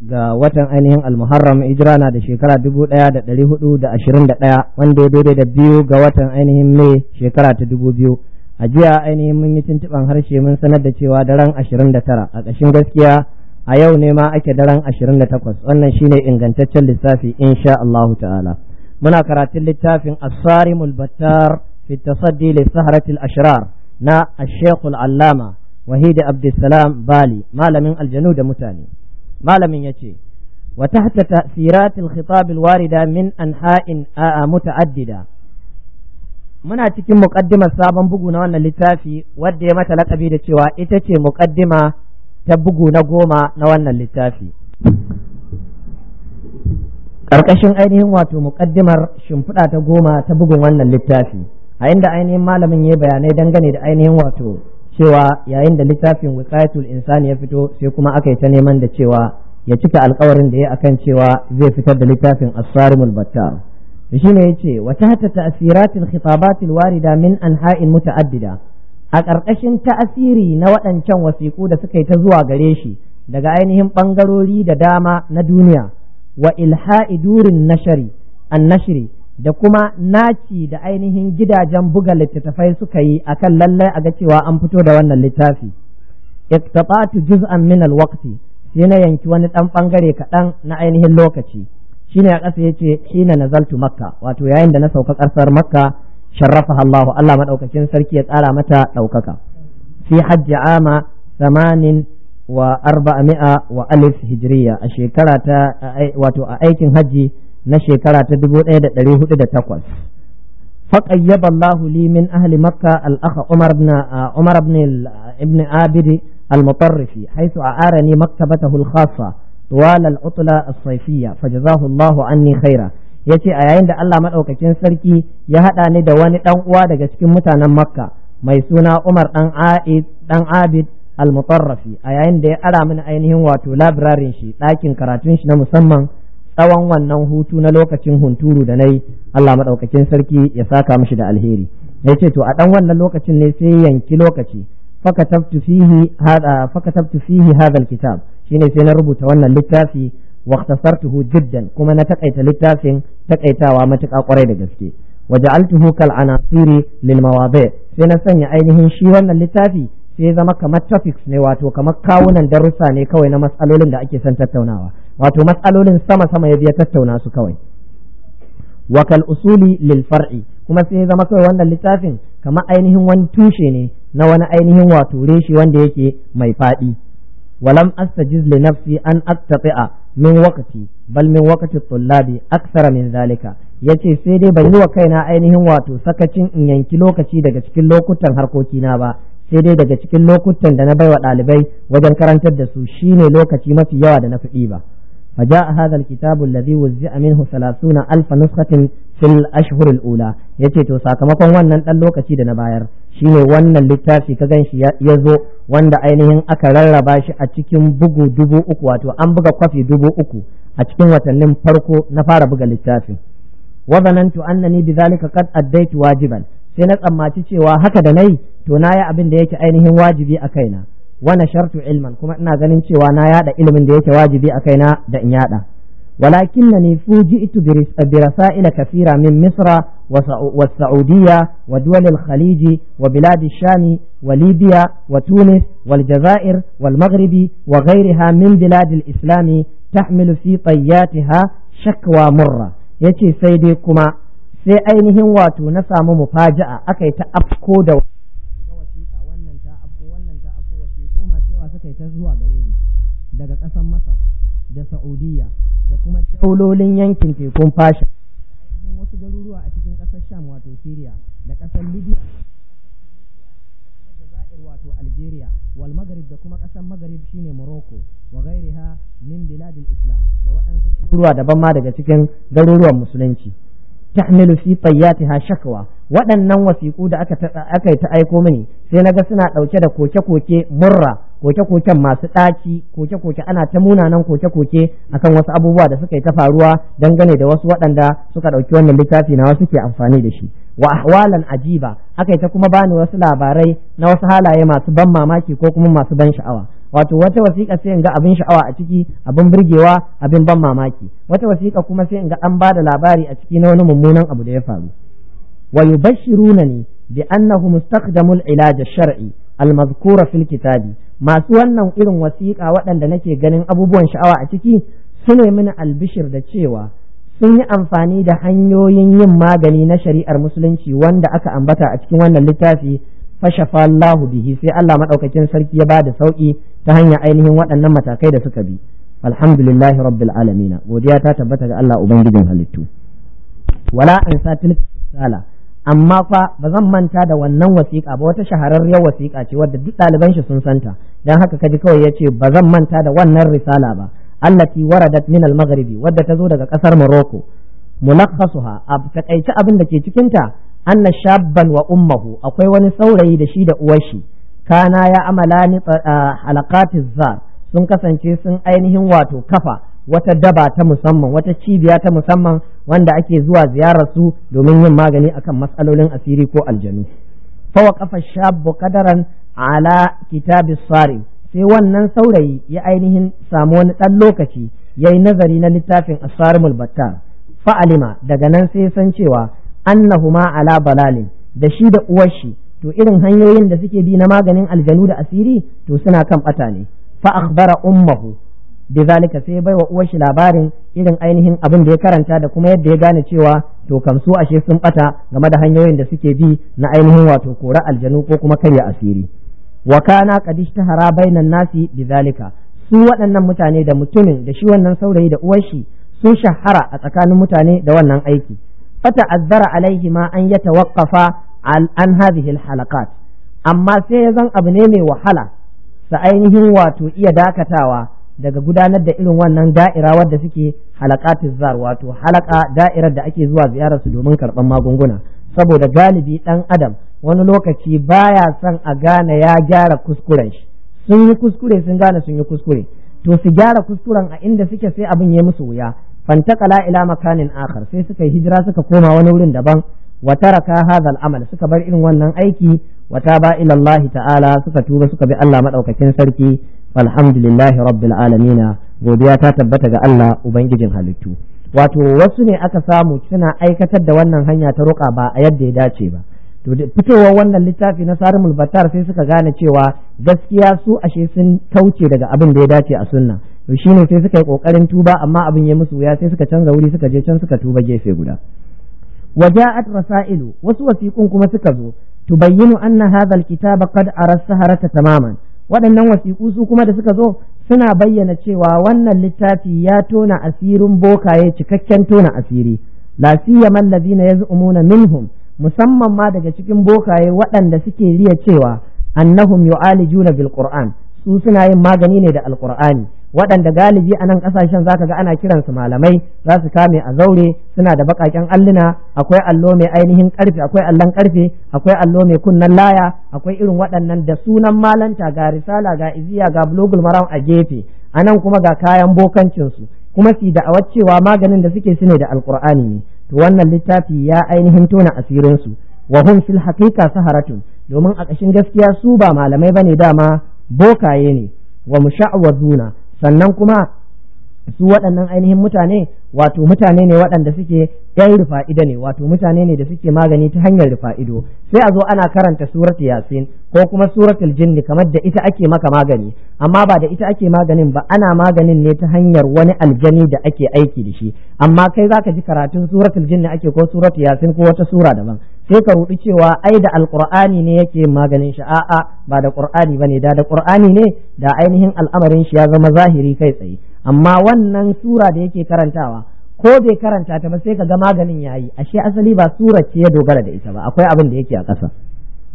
ga watan ainihin almuharram hijira na da shekara dubu ɗaya da ɗari hudu da ashirin da ɗaya wanda ya daidai da biyu ga watan ainihin mai shekara ta dubu biyu a jiya ainihin mun yi tuntuɓan harshe mun sanar da cewa daren ashirin da tara a ƙashin gaskiya a yau ne ma ake daren ashirin da takwas wannan shine ingantaccen lissafi insha Allahu ta'ala muna karatun littafin asarimul battar fi tasaddi ashrar na ashekul allama wahidi abdulsalam bali malamin aljanu da mutane malamin yace wa tahta ta'siratil khitab warida min anha'in muta'addida muna cikin muqaddimar sabon bugu na wannan littafi wadda ya mata laƙabi da cewa ita ce muqaddima ta bugu na goma na wannan littafi ƙarƙashin ainihin wato muƙaddimar shimfiɗa ta goma ta bugun wannan littafi a inda ainihin malamin ya bayanai dangane da ainihin wato cewa yayin da littafin wiqayatul insani ya fito sai kuma aka yi ta neman da cewa ya cika alkawarin da ya akan cewa zai fitar da littafin as-sarimul battar shine yace wa tahta ta'siratil khitabatil warida min anha'in muta'addida a ƙarƙashin ta'asiri na waɗancan wasiƙu da suka yi ta zuwa gare shi daga ainihin ɓangarori da dama na duniya wa ilha'i durin nashari an nashiri da kuma naci da ainihin gidajen buga littattafai suka yi a kan lallai a ga cewa an fito da wannan littafi iqtata'tu juz'an min al-waqti sai na yanki wani ɗan bangare kaɗan na ainihin lokaci shine a ƙasa yace na zaltu makka wato yayin da na sauka ƙasar makka sharrafa Allah Allah maɗaukacin sarki ya tsara mata ɗaukaka fi hajji ama samanin wa arba'a mi'a wa alif hijiriya a shekara ta wato a aikin hajji na shekara ta 1408 فقيب الله لي من أهل مكة الأخ عمر بن عمر بن ابن عابد المطرفي حيث أعارني مكتبته الخاصة طوال العطلة الصيفية فجزاه الله عني خيرا yace a yayin da Allah madaukakin sarki ya hada ni da wani dan uwa daga cikin mutanen Makka mai suna Umar dan Abid al-Mutarrafi a yayin da ya ara mini ainihin wato labirarin shi dakin karatun shi na musamman tsawon wannan hutu na lokacin hunturu da nayi Allah maɗaukacin sarki ya saka mashi da alheri yace to a dan wannan lokacin ne sai yanki lokaci fakatabtu fihi hada fakatabtu fihi hada shine sai na rubuta wannan littafi jiddan kuma na واختصرته جدا كما نتقيت للتاسين تقيتا ومتقى قري دغسكي وجعلته كالعناصير sai na sanya ainihin shi wannan littafi sai zama kamar topics ne wato kamar kawunan darussa ne kawai na matsalolin da ake son tattaunawa wato matsalolin sama sama ya biya tattauna su kawai wakal usuli lil far'i kuma sai zama kawai wannan littafin kamar ainihin wani tushe ne na wani ainihin wato reshe wanda yake mai fadi. walam astajiz li nafsi an aqtati'a min waqti bal min waqti tullabi akthar min zalika yace sai dai ban yi wa kaina ainihin wato sakacin in yanki lokaci daga cikin lokutan harkokina ba sai dai daga cikin lokutan da na baiwa ɗalibai wajen karantar da su shine lokaci mafi yawa da na fi ba فجاء هذا الكتاب الذي وزع منه ثلاثون ألف sil في الأشهر الأولى yace to sakamakon wannan ɗan lokaci da na bayar shine wannan littafi ka gan shi ya zo wanda ainihin aka rarraba shi a cikin bugu dubu uku wato an buga kwafi dubu uku a cikin watannin farko na fara buga littafin wa zanantu annani zalika qad addaitu wajiban sai na tsammaci cewa haka da nayi to na yi abin yake ainihin wajibi a kaina wa nashartu ilman kuma ina ganin cewa na yada ilimin da yake wajibi a kaina da in yada walakin na ni fuji itu bi rasaila kafira min misra wa sa'udiyya wa duwal al wa bilad shami wa libya wa tunis waljazair jazair wal maghrib wa ghayriha min bilad al islam tahmilu fi ha shakwa murra yace sai dai kuma sai ainihin wato na samu mufaja'a akai ta afko da suka yi ta zuwa gare ni daga ƙasar masar da saudiya da kuma taulolin yankin tekun fasha ainihin wasu garuruwa a cikin ƙasar sham wato syria da ƙasar libya wato algeria wal maghrib da kuma ƙasar maghrib shine morocco wa ghairiha min biladil islam da waɗansu garuruwa daban ma daga cikin garuruwan musulunci ta'milu fi tayyatiha shakwa waɗannan wasiƙu da aka aka ta aiko mini sai naga suna ɗauke da koke-koke murra koke-koken masu ɗaci koke-koke ana ta munanan koke-koke akan wasu abubuwa da suka yi ta faruwa dangane da wasu waɗanda suka ɗauki wannan littafi na wasu ke amfani da shi wa ahwalan ajiba aka yi ta kuma bani wasu labarai na wasu halaye masu ban mamaki ko kuma masu ban sha'awa wato wata wasiƙa sai in ga abin sha'awa a ciki abin burgewa abin ban mamaki wata wasiƙa kuma sai in ga an bada labari a ciki na wani mummunan abu da ya faru wa yubashshiruna ni bi annahu mustaqdamul ilaj ash-shar'i al-madhkura fil kitabi masu wannan irin wasiƙa waɗanda nake ganin abubuwan sha'awa a ciki sune mini albishir da cewa sun yi amfani da hanyoyin yin magani na shari'ar musulunci wanda aka ambata a cikin wannan littafi fashafa Allahu bihi sai Allah madaukakin sarki ya bada sauki ta hanyar ainihin waɗannan matakai da suka bi alhamdulillahi rabbil alamin godiya ta tabbata ga Allah ubangijin halittu wala an satil sala amma fa ba zan manta da wannan wasiƙa ba wata shahararriyar wasiƙa ce wadda duk ɗaliban shi sun santa dan haka kaji kawai yace ba zan manta da wannan risala ba allati waradat min al-maghribi wadda ta zo daga ƙasar Morocco mulakhasuha a takaice abin da ke cikinta anna shabban wa ummahu akwai wani saurayi da shi da shi. kana ya amala ni halaqatiz za sun kasance sun ainihin wato kafa wata daba ta musamman wata cibiya ta musamman wanda ake zuwa ziyarar su domin yin magani akan matsalolin asiri ko aljanu fa waqafa shabbu qadaran ala kitabis sari sai wannan saurayi ya ainihin samu wani ɗan lokaci yayi nazari na littafin asarimul batta fa'alima daga nan sai san cewa annahuma ala balalin da shi da uwar shi to irin hanyoyin da suke bi na maganin aljanu da asiri to suna kan bata ne fa akhbara ummuhu bizalika sai bai wa uwar shi labarin irin ainihin abin da ya karanta da kuma yadda ya gane cewa to kam su ashe sun bata game da hanyoyin da suke bi na ainihin wato kora aljanu ko kuma karya asiri wa kana qad ishtahara bainan nasi bizalika su waɗannan mutane da mutumin da shi wannan saurayi da uwar shi sun shahara a tsakanin mutane da wannan aiki fata'azzara alaihi ma an yatawaqqafa an hadhihi halaqat amma sai ya zan abu ne mai wahala sa ainihin wato iya dakatawa daga gudanar da irin wannan da'ira wadda suke halakatun zar wato halaka da'irar da ake zuwa ziyarar su domin karɓar magunguna saboda galibi ɗan adam wani lokaci baya son a gane ya gyara kuskuren shi sun yi kuskure sun gane sun yi kuskure to su gyara kuskuren a inda suke sai abin ya musu wuya fantakala ila makanin akhar sai suka yi hijira suka koma wani wurin daban wa taraka hadha amal suka bar irin wannan aiki wa taba ila Allah ta'ala suka tuba suka bi Allah madaukakin sarki walhamdulillahi rabbil alamin godiya ta tabbata ga Allah ubangijin halittu wato wasu ne aka samu suna aikatar da wannan hanya ta ruka ba a yadda ya dace ba to da fitowar wannan littafi na sarimul battar sai suka gane cewa gaskiya su ashe sun kauce daga abin da ya dace a sunna to shine sai suka yi kokarin tuba amma abin ya musu wuya sai suka canza wuri suka je can suka tuba gefe guda waja'at rasailu wasu wasiqun kuma suka zo tubayyinu anna hadha alkitaba qad ta tamaman waɗannan wasiƙu su kuma da suka zo suna bayyana cewa wannan littafi ya tona asirin bokaye cikakken tona asiri la siyaman ladina yaz'umuna minhum musamman ma daga cikin bokaye waɗanda suke riya cewa annahum yu'alijuna bil qur'an su suna yin magani ne da alqur'ani waɗanda galibi a nan ƙasashen zaka ga ana kiransu malamai za su kame a zaure suna da baƙaƙen alluna akwai allo mai ainihin ƙarfe akwai allon ƙarfe akwai allo mai kunnan laya akwai irin waɗannan da sunan malanta ga risala ga iziya ga bulogul maram a gefe a nan kuma ga kayan bokancinsu kuma su da'awar cewa maganin da suke su ne da alqur'ani ne to wannan littafi ya ainihin tona asirinsu su wa hum fil haqiqa saharatun domin a ƙashin gaskiya su ba malamai bane dama bokaye ne wa musha'waduna sannan kuma su waɗannan ainihin mutane wato mutane ne waɗanda suke yan rufa'ida ne wato mutane ne da suke magani ta hanyar rufa'ido sai a zo ana karanta surat yasin ko kuma suratul jinni kamar da ita ake maka magani amma ba da ita ake maganin ba ana maganin ne ta hanyar wani aljani da ake aiki da shi amma kai zaka ji karatun suratul jinni ake ko surat yasin ko wata sura daban sai ka rudu cewa ai da alqur'ani ne yake maganin shi a'a ba da qur'ani bane da da qur'ani ne da ainihin al'amarin shi ya zama zahiri kai tsaye amma wannan sura da yake karantawa ko bai karanta ta ba sai ka ga maganin yayi ashe asali ba sura ce ya dogara da ita ba akwai abin da yake a ƙasa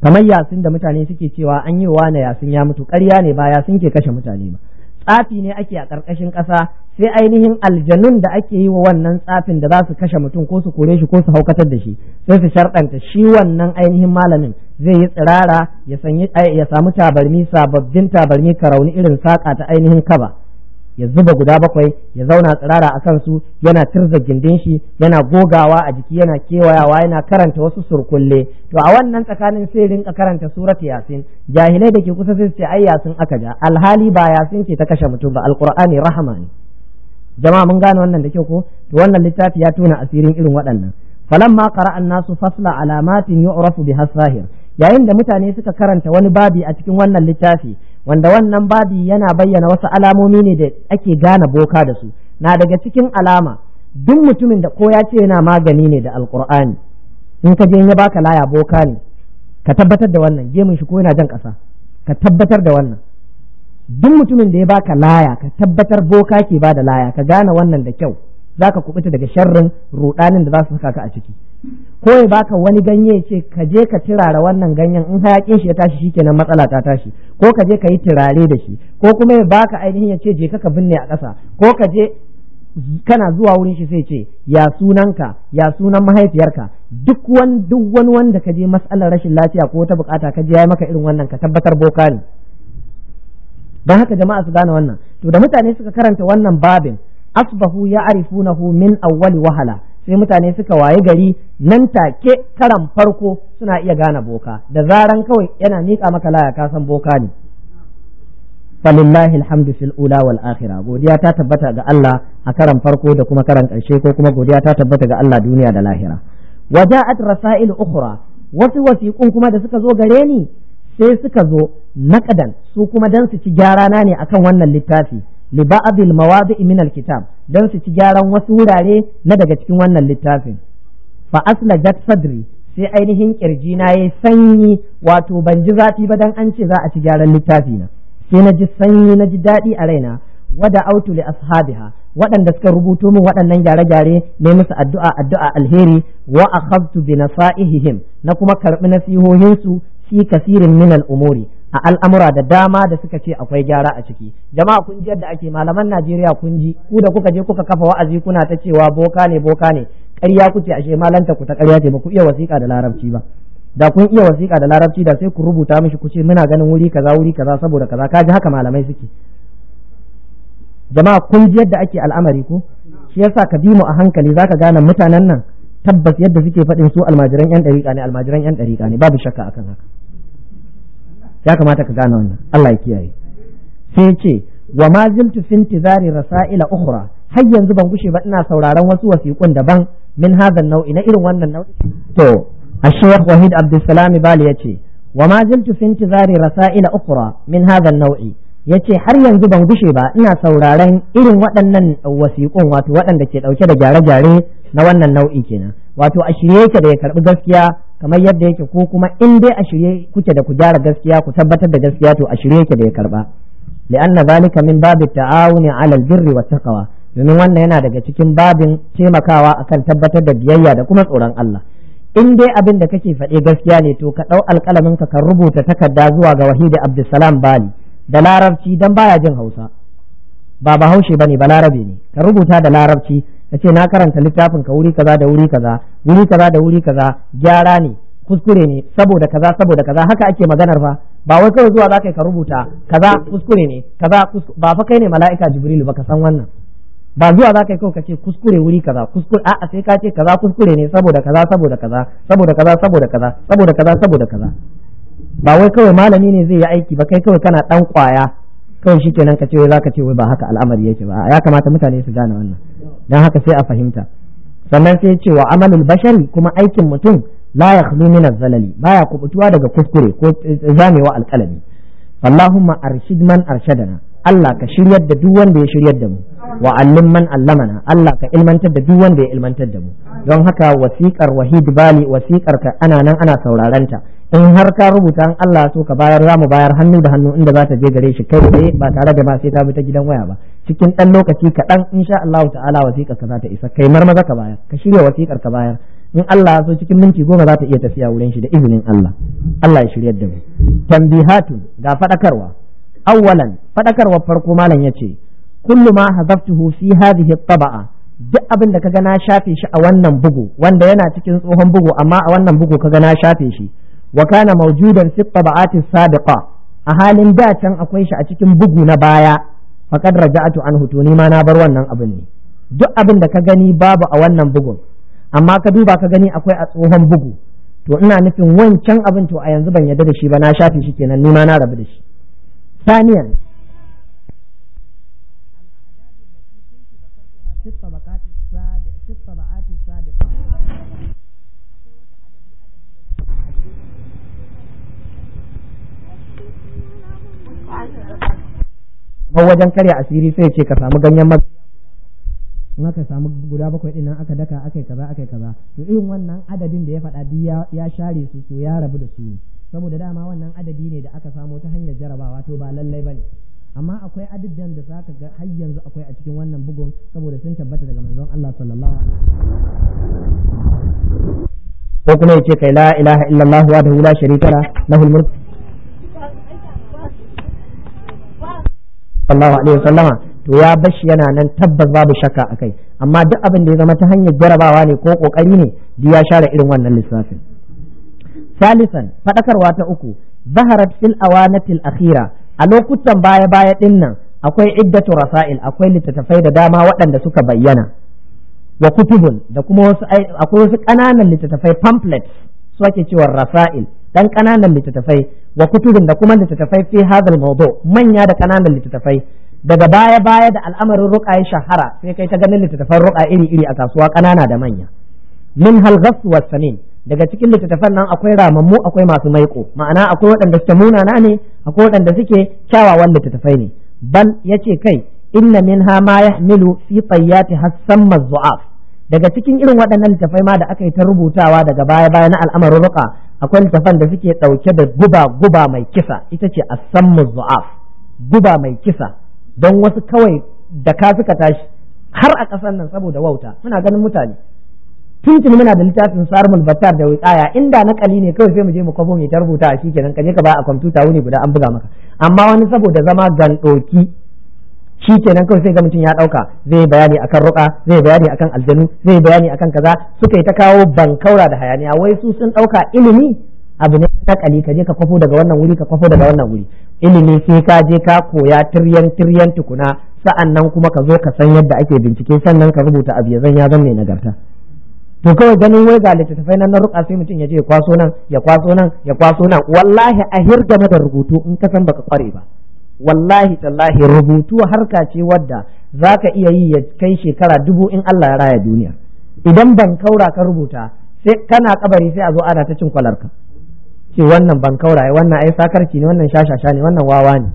kamar yasin da mutane suke cewa an yi wa na yasin ya mutu ƙarya ne ba yasin ke kashe mutane ba tsafi ne ake a ƙarƙashin ƙasa sai ainihin aljanun da ake yi wa wannan tsafin da za su kashe mutum ko su kore shi ko su haukatar da shi sai su sharɗanta shi wannan ainihin malamin zai yi tsirara ya samu tabarmi sababbin tabarmi karauni irin saƙa ta ainihin kaba ya zuba guda bakwai ya zauna tsirara a kansu yana tirza gindin shi yana gogawa a jiki yana kewayawa yana karanta wasu surkulle to a wannan tsakanin sai rinka karanta surat yasin jahilai da ke kusa sai su ce ai yasin aka ja alhali ba yasin ce ta kashe mutum ba alqur'ani rahama ne jama'a mun gane wannan da kyau ko to wannan littafi ya tona asirin irin waɗannan falamma qara'a an-nasu fasla alamatin yu'rafu biha sahir yayin da mutane suka karanta wani babi a cikin wannan littafi wanda wannan babi yana bayyana wasu alamomi ne da ake gane boka da su na daga cikin alama duk mutumin da ko ya ce yana magani ne da alkur'ani in ka je ya baka laya boka ne ka tabbatar da wannan je shi ko yana jan ƙasa ka tabbatar da wannan duk mutumin da ya baka laya ka tabbatar boka ke ba da laya ka gane wannan da kyau Za ka kubuta daga sharrin rudanin da za su saka ka a ciki ko ya baka wani ganye ya ce ka je ka tirara wannan ganyen in hayakin shi ya tashi shi shikenan matsala ta tashi ko ka je ka yi turare da shi ko kuma ya baka ainihin ya ce je ka ka binne a ƙasa ko ka je kana zuwa wurin shi sai ce ya sunanka ya sunan mahaifiyarka duk wani duk wani wanda ka je matsalar rashin lafiya ko wata bukata ka je yayi maka irin wannan ka tabbatar boka ne ban haka jama'a su gane wannan to da mutane suka karanta wannan babin asbahu ya ya'rifunahu min awwali wahala sai mutane suka waye gari nan take karan farko suna iya gane boka da zaran kawai yana miƙa maka laya ka san boka ne falillahi alhamdu fil ula wal akhirah godiya ta tabbata ga Allah a karan farko da kuma karan karshe ko kuma godiya ta tabbata ga Allah duniya da lahira waja'at rasail ukhra wasu wasiqun kuma da suka zo gare ni sai suka zo naƙadan su kuma dan su ci gyara na ne akan wannan littafi li ba'dil mawadi'i min alkitab dan su ci gyaran wasu wurare na daga cikin wannan littafin fa aslajat sadri sai ainihin ƙirji na yayi sanyi wato ban ji zafi ba dan an ce za a ci gyaran littafi na sai na ji sanyi na ji daɗi a raina wada autu li ashabiha waɗanda suka rubuto min waɗannan gyare-gyare ne musu addu'a addu'a alheri wa akhadtu bi nasaihihim na kuma karɓi nasihohinsu fi kasirin min al-umuri a al'amura da dama da suka ce akwai gyara a ciki jama'a kun ji yadda ake malaman Najeriya kun ji ku da kuka je kuka kafa wa'azi kuna ta cewa boka ne boka ne ƙarya kuke ashe malanta ku ta ƙarya ce ba ku iya wasiƙa da larabci ba da kun iya wasiƙa da larabci da sai ku rubuta mishi ku ce muna ganin wuri kaza wuri kaza saboda kaza ka ji haka malamai suke jama'a kun ji yadda ake al'amari ko shi yasa ka bi mu a hankali zaka gane mutanen nan tabbas yadda suke faɗin su almajiran yan ɗariƙa ne almajiran yan ɗariƙa ne babu shakka akan haka ya kamata ka gane wannan Allah ya kiyaye sai ce wa ma ziltu fi intizari rasaila ukhra har yanzu ban gushe ba ina sauraron wasu wasiƙun daban min hadhan nau'i na irin wannan nau'i to الشيخ وحيد عبد السلام بالي يتي وما زلت في انتظار رسائل min من هذا النوع yace har yanzu ban gushe ba ina sauraran irin waɗannan wasiƙun wato waɗanda ke ɗauke da gyare-gyare na wannan nau'i kenan wato a shirye yake da ya karɓi gaskiya kamar yadda yake ko kuma in dai a shirye kuke da ku gyara gaskiya ku tabbatar da gaskiya to a shirye yake da ya karba li'anna zalika min babit ta'awuni 'alal birri wa taqwa domin wannan yana daga cikin babin taimakawa akan tabbatar da biyayya da kuma tsoron Allah in dai abin da kake faɗe gaskiya ne to ka ɗau alkalaminka ka rubuta takarda zuwa ga wahidi abdulsalam bali da larabci dan baya jin hausa ba bahaushe bane ba larabe ne ka rubuta da larabci ka ce na karanta littafin ka wuri kaza da wuri kaza wuri kaza da wuri kaza gyara ne kuskure ne saboda kaza saboda kaza haka ake maganar fa ba wai kawai zuwa zaka ka rubuta kaza kuskure ne kaza ba fa kai ne mala'ika jibril ba ka san wannan ba zuwa zaka kawai ka ce kuskure wuri kaza kuskure a sai ka ce kaza kuskure ne saboda kaza saboda kaza saboda kaza saboda kaza saboda kaza saboda kaza ba wai kawai malami ne zai yi aiki ba kai kawai kana dan kwaya kawai shikenan ka ce wai zaka ce wai ba haka al'amari yake ba ya kamata mutane su gane wannan dan haka sai a fahimta sannan sai ce wa amalul bashari kuma aikin mutum la yakhlu min zalali baya kubutuwa daga kuskure ko zamewa alƙalami Allahumma arshid man arshadana Allah ka shiryar da duk wanda ya shiryar da mu wa allim man allamana Allah ka ilmantar da duk wanda ya ilmantar da mu don haka wasiƙar wahid bali wasiƙar ka ana nan ana saurarenta in har ka rubuta an Allah so ka bayar za mu bayar hannu da hannu inda za ta je gare shi kai tsaye ba tare da ba sai ta bi ta gidan waya ba cikin ɗan lokaci kaɗan sha Allah ta'ala wasiƙar ka za ta isa kai marmaza ka bayar ka shirya wasiƙar ka bayar in Allah so cikin minti goma za ta iya tafiya wurin shi da izinin Allah Allah ya shiryar da mu tambihatun ga faɗakarwa awwalan faɗakarwar farko malam yace kullu ma hazaftuhu fi hadhihi at-taba'a duk abin da kaga na shafe shi a wannan bugu wanda yana cikin tsohon bugu amma a wannan bugu kaga na shafe shi wa kana mawjudan fi tabaqati sabiqa a halin da can akwai shi a cikin bugu na baya Faƙad raja'tu an hutu ni ma na bar wannan abin ne duk abin da ka gani babu a wannan bugun amma ka duba ka gani akwai a tsohon bugu to ina nufin wancan abin to a yanzu ban yarda da shi ba na shafi shi kenan ni ma na rabu da shi saniyan ko wajen karya asiri sai ce ka samu ganyen magarya in aka samu guda bakwai din nan aka daka aka kaza aka kaza to irin wannan adadin da ya faɗa biyu ya share su to ya rabu da su ne saboda dama wannan adadi ne da aka samo ta hanyar jarabawa to ba lallai bane amma akwai adadin da zaka ga har yanzu akwai a cikin wannan bugun saboda sun tabbata daga manzon Allah sallallahu alaihi wasallam ko kuma yace kai la ilaha illallah wahdahu la sharika na mulk sallallahu alaihi wasallama to ya bashi yana nan tabbas babu shakka akai amma duk abin da ya zama ta hanyar jarabawa ne ko kokari ne duk ya share irin wannan lissafin salisan fadakarwa ta uku zaharat fil awanatil akhira a lokutan baya baya dinnan akwai iddatu rasail akwai littattafai da dama waɗanda suka bayyana wa kutubun da kuma akwai wasu ƙananan littattafai pamphlets su ake cewa rasail dan kananan littattafai wa kutubin da kuma littattafai fi hadal mawdu manya da kananan littattafai daga baya baya da al'amarin ruqa shahara sai kai ta ganin littattafan ruqa iri iri a kasuwa kanana da manya min hal ghasl wa sanin daga cikin littattafan nan akwai ramammu akwai masu maiko ma'ana akwai waɗanda suke munana ne akwai waɗanda suke kyawawan littattafai ne bal yace kai inna minha ma yahmilu fi tayyati hasamma zu'af daga cikin irin waɗannan littattafai ma da aka yi ta rubutawa daga baya baya na al'amarin ruƙa. akwai littafan da suke ɗauke da guba guba mai kisa ita ce asammu zu'af guba mai kisa don wasu kawai da ka suka tashi har a ƙasar nan saboda wauta muna ganin mutane tuntun muna da littafin sarmul battar da wiqaya inda ƙali ne kawai sai mu je mu kwafo mai ta rubuta a kenan ka je ka ba a kwamfuta wuni guda an buga maka amma wani saboda zama gandoki shi kenan kawai sai ga mutum ya dauka zai bayani akan ruka zai bayani akan aljanu zai bayani akan kaza suka yi ta kawo bankaura da hayaniya wai su sun dauka ilimi abu ne nakali ka je ka kwafo daga wannan wuri ka kwafo daga wannan wuri ilimi sai ka je ka koya tiryan tiryan tukuna sa'an nan kuma ka zo ka san yadda ake bincike sannan ka rubuta abu ya zan ya zan mai nagarta to kawai ganin wai ga littattafai nan na ruka sai mutum ya je ya kwaso nan ya kwaso nan ya kwaso nan wallahi a hirgama da rubutu in ka san baka kware ba wallahi tallahi rubutu harka ce wadda za ka iya yi ya kai shekara dubu in Allah ya raya duniya idan ban kaura ka rubuta sai kana kabari sai a zo ana ta cin kwalarka ce wannan ban kaura wannan ai sakarci ne wannan shashasha ne wannan wawa ne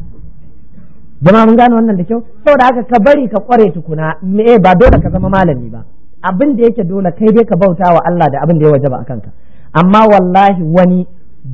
jama'a mun gane wannan da kyau saboda haka ka bari ka kware tukuna me eh, ba dole ka zama malami ba abin da yake dole kai dai ka bauta wa Allah da abin da ya wajaba akan ka amma wallahi wani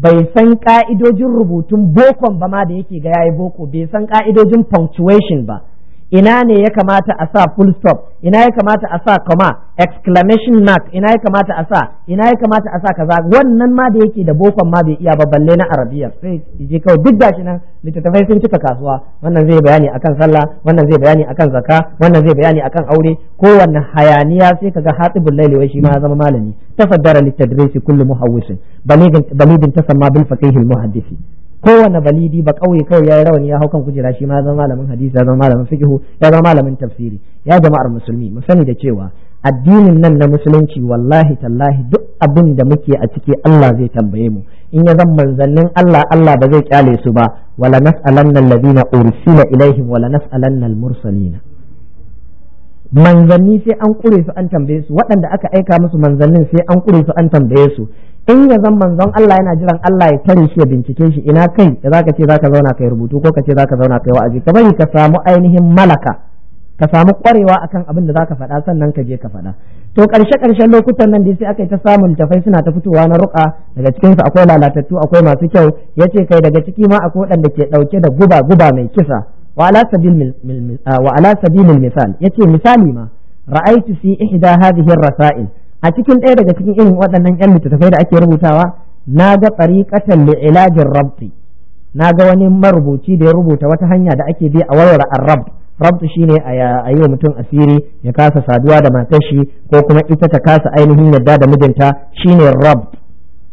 bai san ka'idojin rubutun bokon ba ma da yake ga yayi boko bai san ka'idojin punctuation ba ina ne ya kamata a sa full stop ina ya kamata a sa comma exclamation mark ina ya kamata a sa ina ya kamata a sa kaza wannan ma da yake da bokon ma bai iya ba balle na arabiya sai je kawai duk gashi nan littattafai sun cika kasuwa wannan zai bayani akan sallah wannan zai bayani akan zakka wannan zai bayani akan aure kowanne hayaniya sai kaga hatibul laili wai shi ma ya zama malami tafaddara litadrisi kullum muhawwisin balidin balidin tasamma bil faqih al muhaddisi kowane balidi ba kauye kawai yayi rawani ya hau kan kujera shi ma zama malamin hadisi ya zama malamin fiqh ya zama malamin tafsiri ya jama'ar musulmi mu sani da cewa addinin nan na musulunci wallahi tallahi duk abin da muke a ciki Allah zai tambaye mu in ya zan manzannin Allah Allah ba zai kyale su ba wala nas'alanna alladhina ursila ilaihim wala nas'alanna al mursalina manzanni sai an kure su an tambaye su waɗanda aka aika musu manzannin sai an kure su an tambaye su in ya zan manzon Allah yana jiran Allah ya tare shi ya bincike shi ina kai da zaka ce zaka zauna kai rubutu ko ka ce zaka zauna kai wa'azi ka bari ka samu ainihin malaka ka samu kwarewa akan abin da zaka faɗa sannan ka je ka faɗa to ƙarshe ƙarshen lokutan nan da sai aka yi ta samun tafai suna ta fitowa na ruka daga cikin su akwai lalatattu akwai masu kyau yace kai daga ciki ma akwai waɗanda ke ɗauke da guba guba mai kisa wa ala sabil ah, wa ala sabil misali ma ra'aytu fi ihda hadhihi ar-rasail a cikin ɗaya daga cikin irin waɗannan ƴan littattafai da ake rubutawa na ga tariqatan li ilajin rabti na ga wani marubuci da ya rubuta wata hanya da ake bi a warware ar-rabt rabt shine a yi wa mutum asiri ya kasa saduwa da matar ko kuma ita ta kasa ainihin yadda da mijinta shine rabt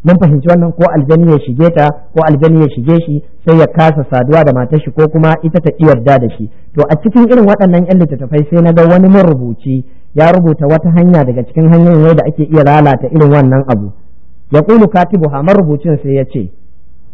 mun fahimci wannan ko aljani ya shige ta ko aljani ya shige shi sai ya kasa saduwa da matar shi ko kuma ita ta ki yarda da shi to a cikin irin waɗannan yan littattafai sai na ga wani marubuci ya rubuta wata hanya daga cikin hanyoyin da ake iya lalata irin wannan abu ya kulu katibu ha marubucin sai ya ce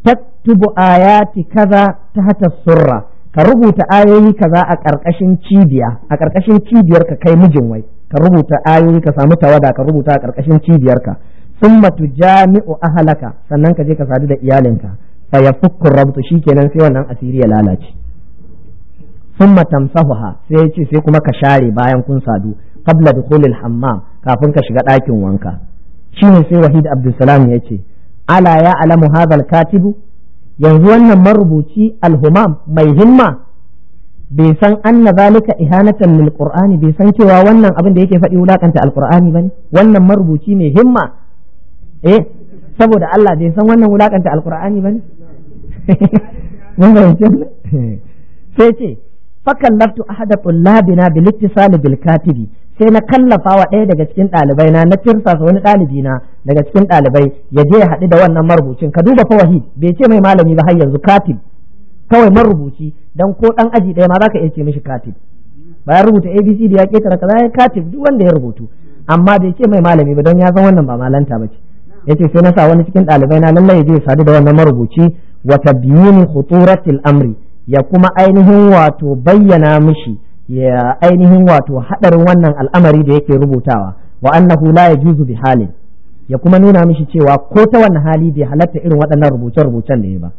tattubu ayati kaza ta hata surra ka rubuta ayoyi kaza a ƙarƙashin cibiya a ƙarƙashin cibiyar ka kai mijin wai ka rubuta ayoyi ka samu tawada ka rubuta a ƙarƙashin ka. thumma tujami'u ahlaka sannan ka je ka sadu da iyalinka fa yafukku rabtu shikenan sai wannan asiri ya lalace thumma tamsahuha sai ya ce sai kuma ka share bayan kun sadu qabla dukhulil hammam kafin ka shiga ɗakin wanka shine sai wahid abdulsalam ya ce ala ya alamu hadha katibu yanzu wannan marubuci alhumam mai himma bai san anna zalika ihanatan lil bai san cewa wannan abin da yake faɗi wulakanta alqur'ani bane wannan marubuci mai himma eh saboda Allah bai san wannan wulakanta alqur'ani bane mun bayyana sai ce fakallaftu ahada tullabina bil ittisal bil katibi sai na kallafa wa ɗaya daga cikin ɗalibai na na sa wani ɗalibi na daga cikin ɗalibai ya je ya haɗu da wannan marubucin ka duba fa wahid bai ce mai malami ba har yanzu katib kawai marubuci dan ko ɗan aji ɗaya ma zaka iya ce mishi katib ya rubuta abcd ya ketara kaza ya katib duk wanda ya rubutu amma bai ce mai malami ba don ya san wannan ba malanta ba ce yace sai na sa wani cikin ɗalibai na lallai ya je sadu da wannan marubuci wa tabyini khuturatil amri ya kuma ainihin wato bayyana mishi ya ainihin wato hadarin wannan al'amari da yake rubutawa wa annahu la yajuzu bi halin ya kuma nuna mishi cewa ko ta wani hali bai halatta irin waɗannan rubuce-rubucen ne ba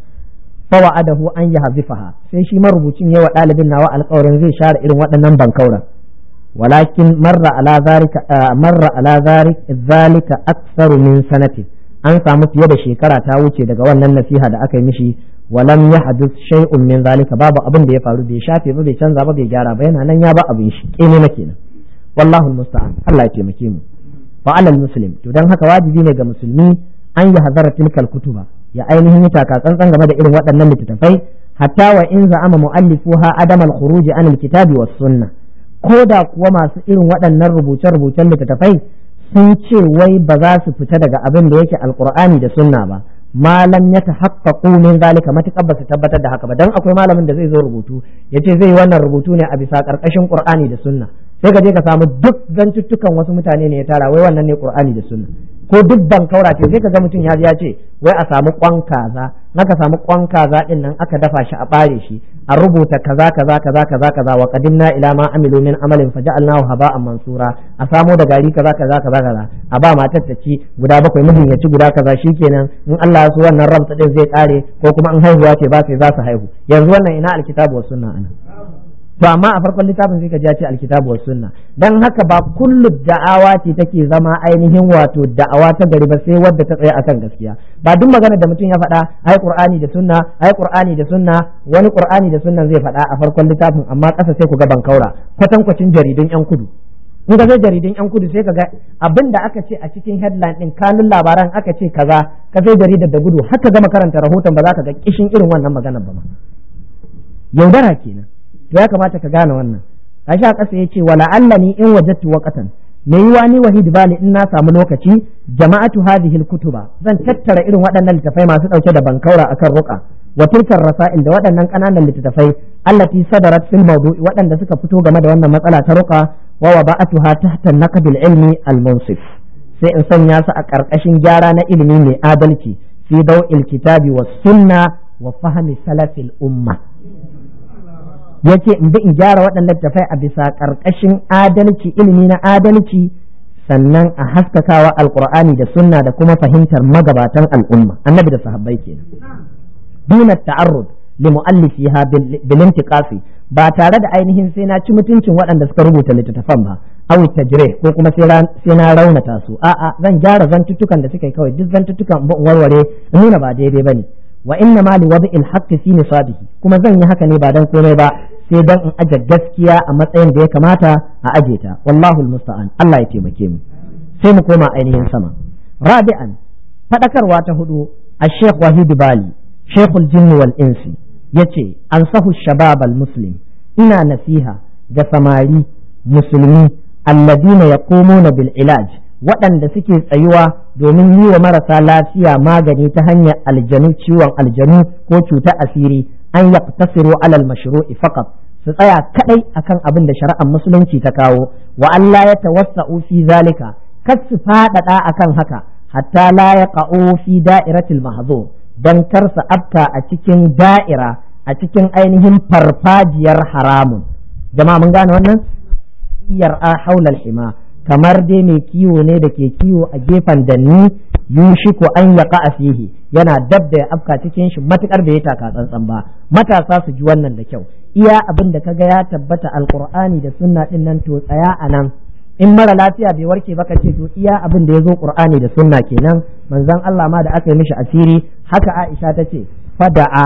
fa wa'adahu an yahzifaha sai shi marubucin yawa ɗalibin nawa alƙawarin zai share irin waɗannan bankauran walakin marra ala zalika marra ala zalika an samu fiye da shekara ta wuce daga wannan nasiha da aka yi mishi walam yahdith shay'un min zalika babu abin da ya faru bai shafe ba bai canza ba bai gyara ba yana nan ya ba abin shi kene na kenan wallahu musta'an Allah ya taimake mu fa alal muslim to dan haka wajibi ne ga musulmi an yi hazara tilkal kutuba ya ainihin yi ka tsantsan game da irin waɗannan littattafai hatta wa in za'ama mu'allifuha adam al-khuruj an al-kitabi was sunnah ko da kuwa masu irin waɗannan rubuce-rubucen littattafai sun ce wai ba za su fita daga abin da yake alkur'ani da sunna ba malam ya ta tahaqqaqu min zalika matuƙar ba su tabbatar da haka ba don akwai malamin da zai zo rubutu ya ce zai wannan rubutu ne a bisa ƙarƙashin ƙur'ani da sunna sai ka je ka samu duk zantuttukan wasu mutane ne ya tara wai wannan ne ƙur'ani da sunna ko duk ban kaura ce sai ka ga mutum ya ce wai a samu kwan kaza naka samu kwan kaza ɗin nan aka dafa shi a ɓare shi a rubuta kaza kaza kaza kaza kaza wa qadimna ila ma amilu min amalin faja'alnahu haba'an mansura a samo da gari kaza kaza kaza kaza a ba matar ci guda bakwai mijin ya ci guda kaza shikenan in Allah ya so wannan rabta din zai kare ko kuma in haihuwa ce ba sai za su haihu yanzu wannan ina alkitabu wa sunna anan to amma a farkon littafin sai ka ji ce alkitabu wa sunna dan haka ba kullu da'awa ce take zama ainihin wato da'awa ta gari ba sai wadda ta tsaya akan gaskiya ba duk magana da mutum ya faɗa ai qur'ani da sunna ai qur'ani da sunna wani qur'ani da sunna zai faɗa a farkon littafin amma ƙasa sai ku ga bankaura kwacin jaridun yan kudu in ga jaridun yan kudu sai ka ga abin da aka ce a cikin headline din kanun labaran aka ce kaza ka sai jaridar da gudu haka gama karanta rahoton ba za ka ga kishin irin wannan magana ba ma yaudara kenan ya kamata ka gane wannan kashi a ƙasa ce wala ni in wajadtu waqatan me yiwa ni wahid bali in na samu lokaci jama'atu hadhihi alkutuba zan tattara irin waɗannan littafai masu ɗauke da bankaura akan ruqa wa tilkar rasail da waɗannan ƙananan littafai allati sadarat fil mawdu'i waɗanda suka fito game da wannan matsala ta ruqa wa wada'atuha tahta naqd ilmi al sai in sanya su a ƙarƙashin gyara na ilimi mai adalci fi daw'il kitabi was sunna wa fahmi salafil umma yace in bi in gyara waɗannan tafai a bisa ƙarƙashin adalci ilimi na adalci sannan a haskakawa alqur'ani da sunna da kuma fahimtar magabatan al'umma annabi da sahabbai kenan duna ta'arrud li ha bil intiqasi ba tare da ainihin sai na ci mutuncin waɗanda suka rubuta littattafan ba awi tajre ko kuma sai na raunata su a'a zan gyara zantuttukan da suka yi kawai duk zantuttukan ba warware nuna ba daidai bane wa inna ma li wadi'il haqqi fi nisabihi kuma zan yi haka ne ba dan komai ba sai don in aje gaskiya a matsayin da ya kamata a aje ta wallahul musta'an Allah ya taimake mu sai mu koma ainihin sama rabi'an fadakarwa ta hudu a sheikh wahid bali sheikhul jinni wal insi yace ansahu shabab al muslim ina nasiha ga samari musulmi alladina yaqumuna bil ilaj waɗanda suke tsayuwa domin yi wa marasa lafiya magani ta hanyar aljanu ciwon aljanu ko cuta asiri an yaqtasiru alal mashru'i faqat su tsaya kadai akan abin da shari'ar musulunci ta kawo wa Allah ya tawassa'u fi zalika kar su fadada akan haka hatta la yaqa'u fi da'iratil mahzur dan kar su afta a cikin da'ira a cikin ainihin farfajiyar haramun jama'a mun gane wannan iyar a haulal hima kamar dai mai kiwo ne da ke kiwo a gefen danni yushiku an yaqa fihi yana dab da ya afka cikin shi matukar ya taka tsantsan ba matasa su ji wannan da kyau iya abin da kaga ya tabbata alqur'ani da sunna din nan to tsaya a nan in mara lafiya bai warke ba ce to iya abin da ya zo qur'ani da sunna kenan manzon Allah ma da aka yi mishi asiri haka Aisha ta ce fada'a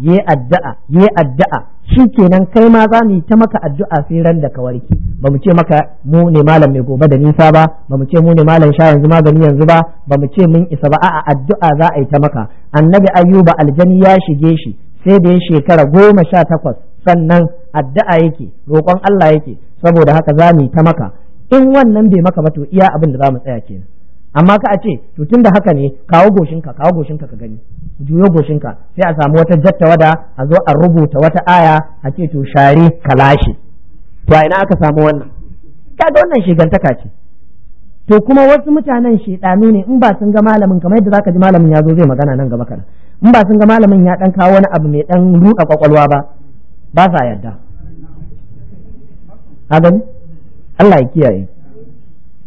ye addu'a ye addu'a shi kenan kai ma za mu yi ta maka addu'a sai ran da ka warke ba mu ce maka mu ne malam mai gobe da nisa ba ba mu ce mu ne malam sha yanzu magani yanzu ba ba mu ce mun isa ba a'a addu'a za a yi ta maka annabi ayuba aljani ya shige shi sai da ya shekara goma sha takwas sannan addu'a yake roƙon Allah yake saboda haka za mu yi ta maka in wannan bai maka ba to iya abin da za mu tsaya kenan amma ka a ce to da haka ne kawo goshinka kawo goshinka ka gani juyo goshinka sai a samu wata jatta wada a zo a rubuta wata aya a ce to share kalashi to a ina aka samu wannan kaga wannan shigantaka ce to kuma wasu mutanen shedanu ne in ba sun ga malamin kamar yadda zaka ji malamin ya zo zai magana nan gaba kana in ba sun ga malamin ya dan kawo wani abu mai dan ruka kwakwalwa ba ba sa yarda a Allah ya kiyaye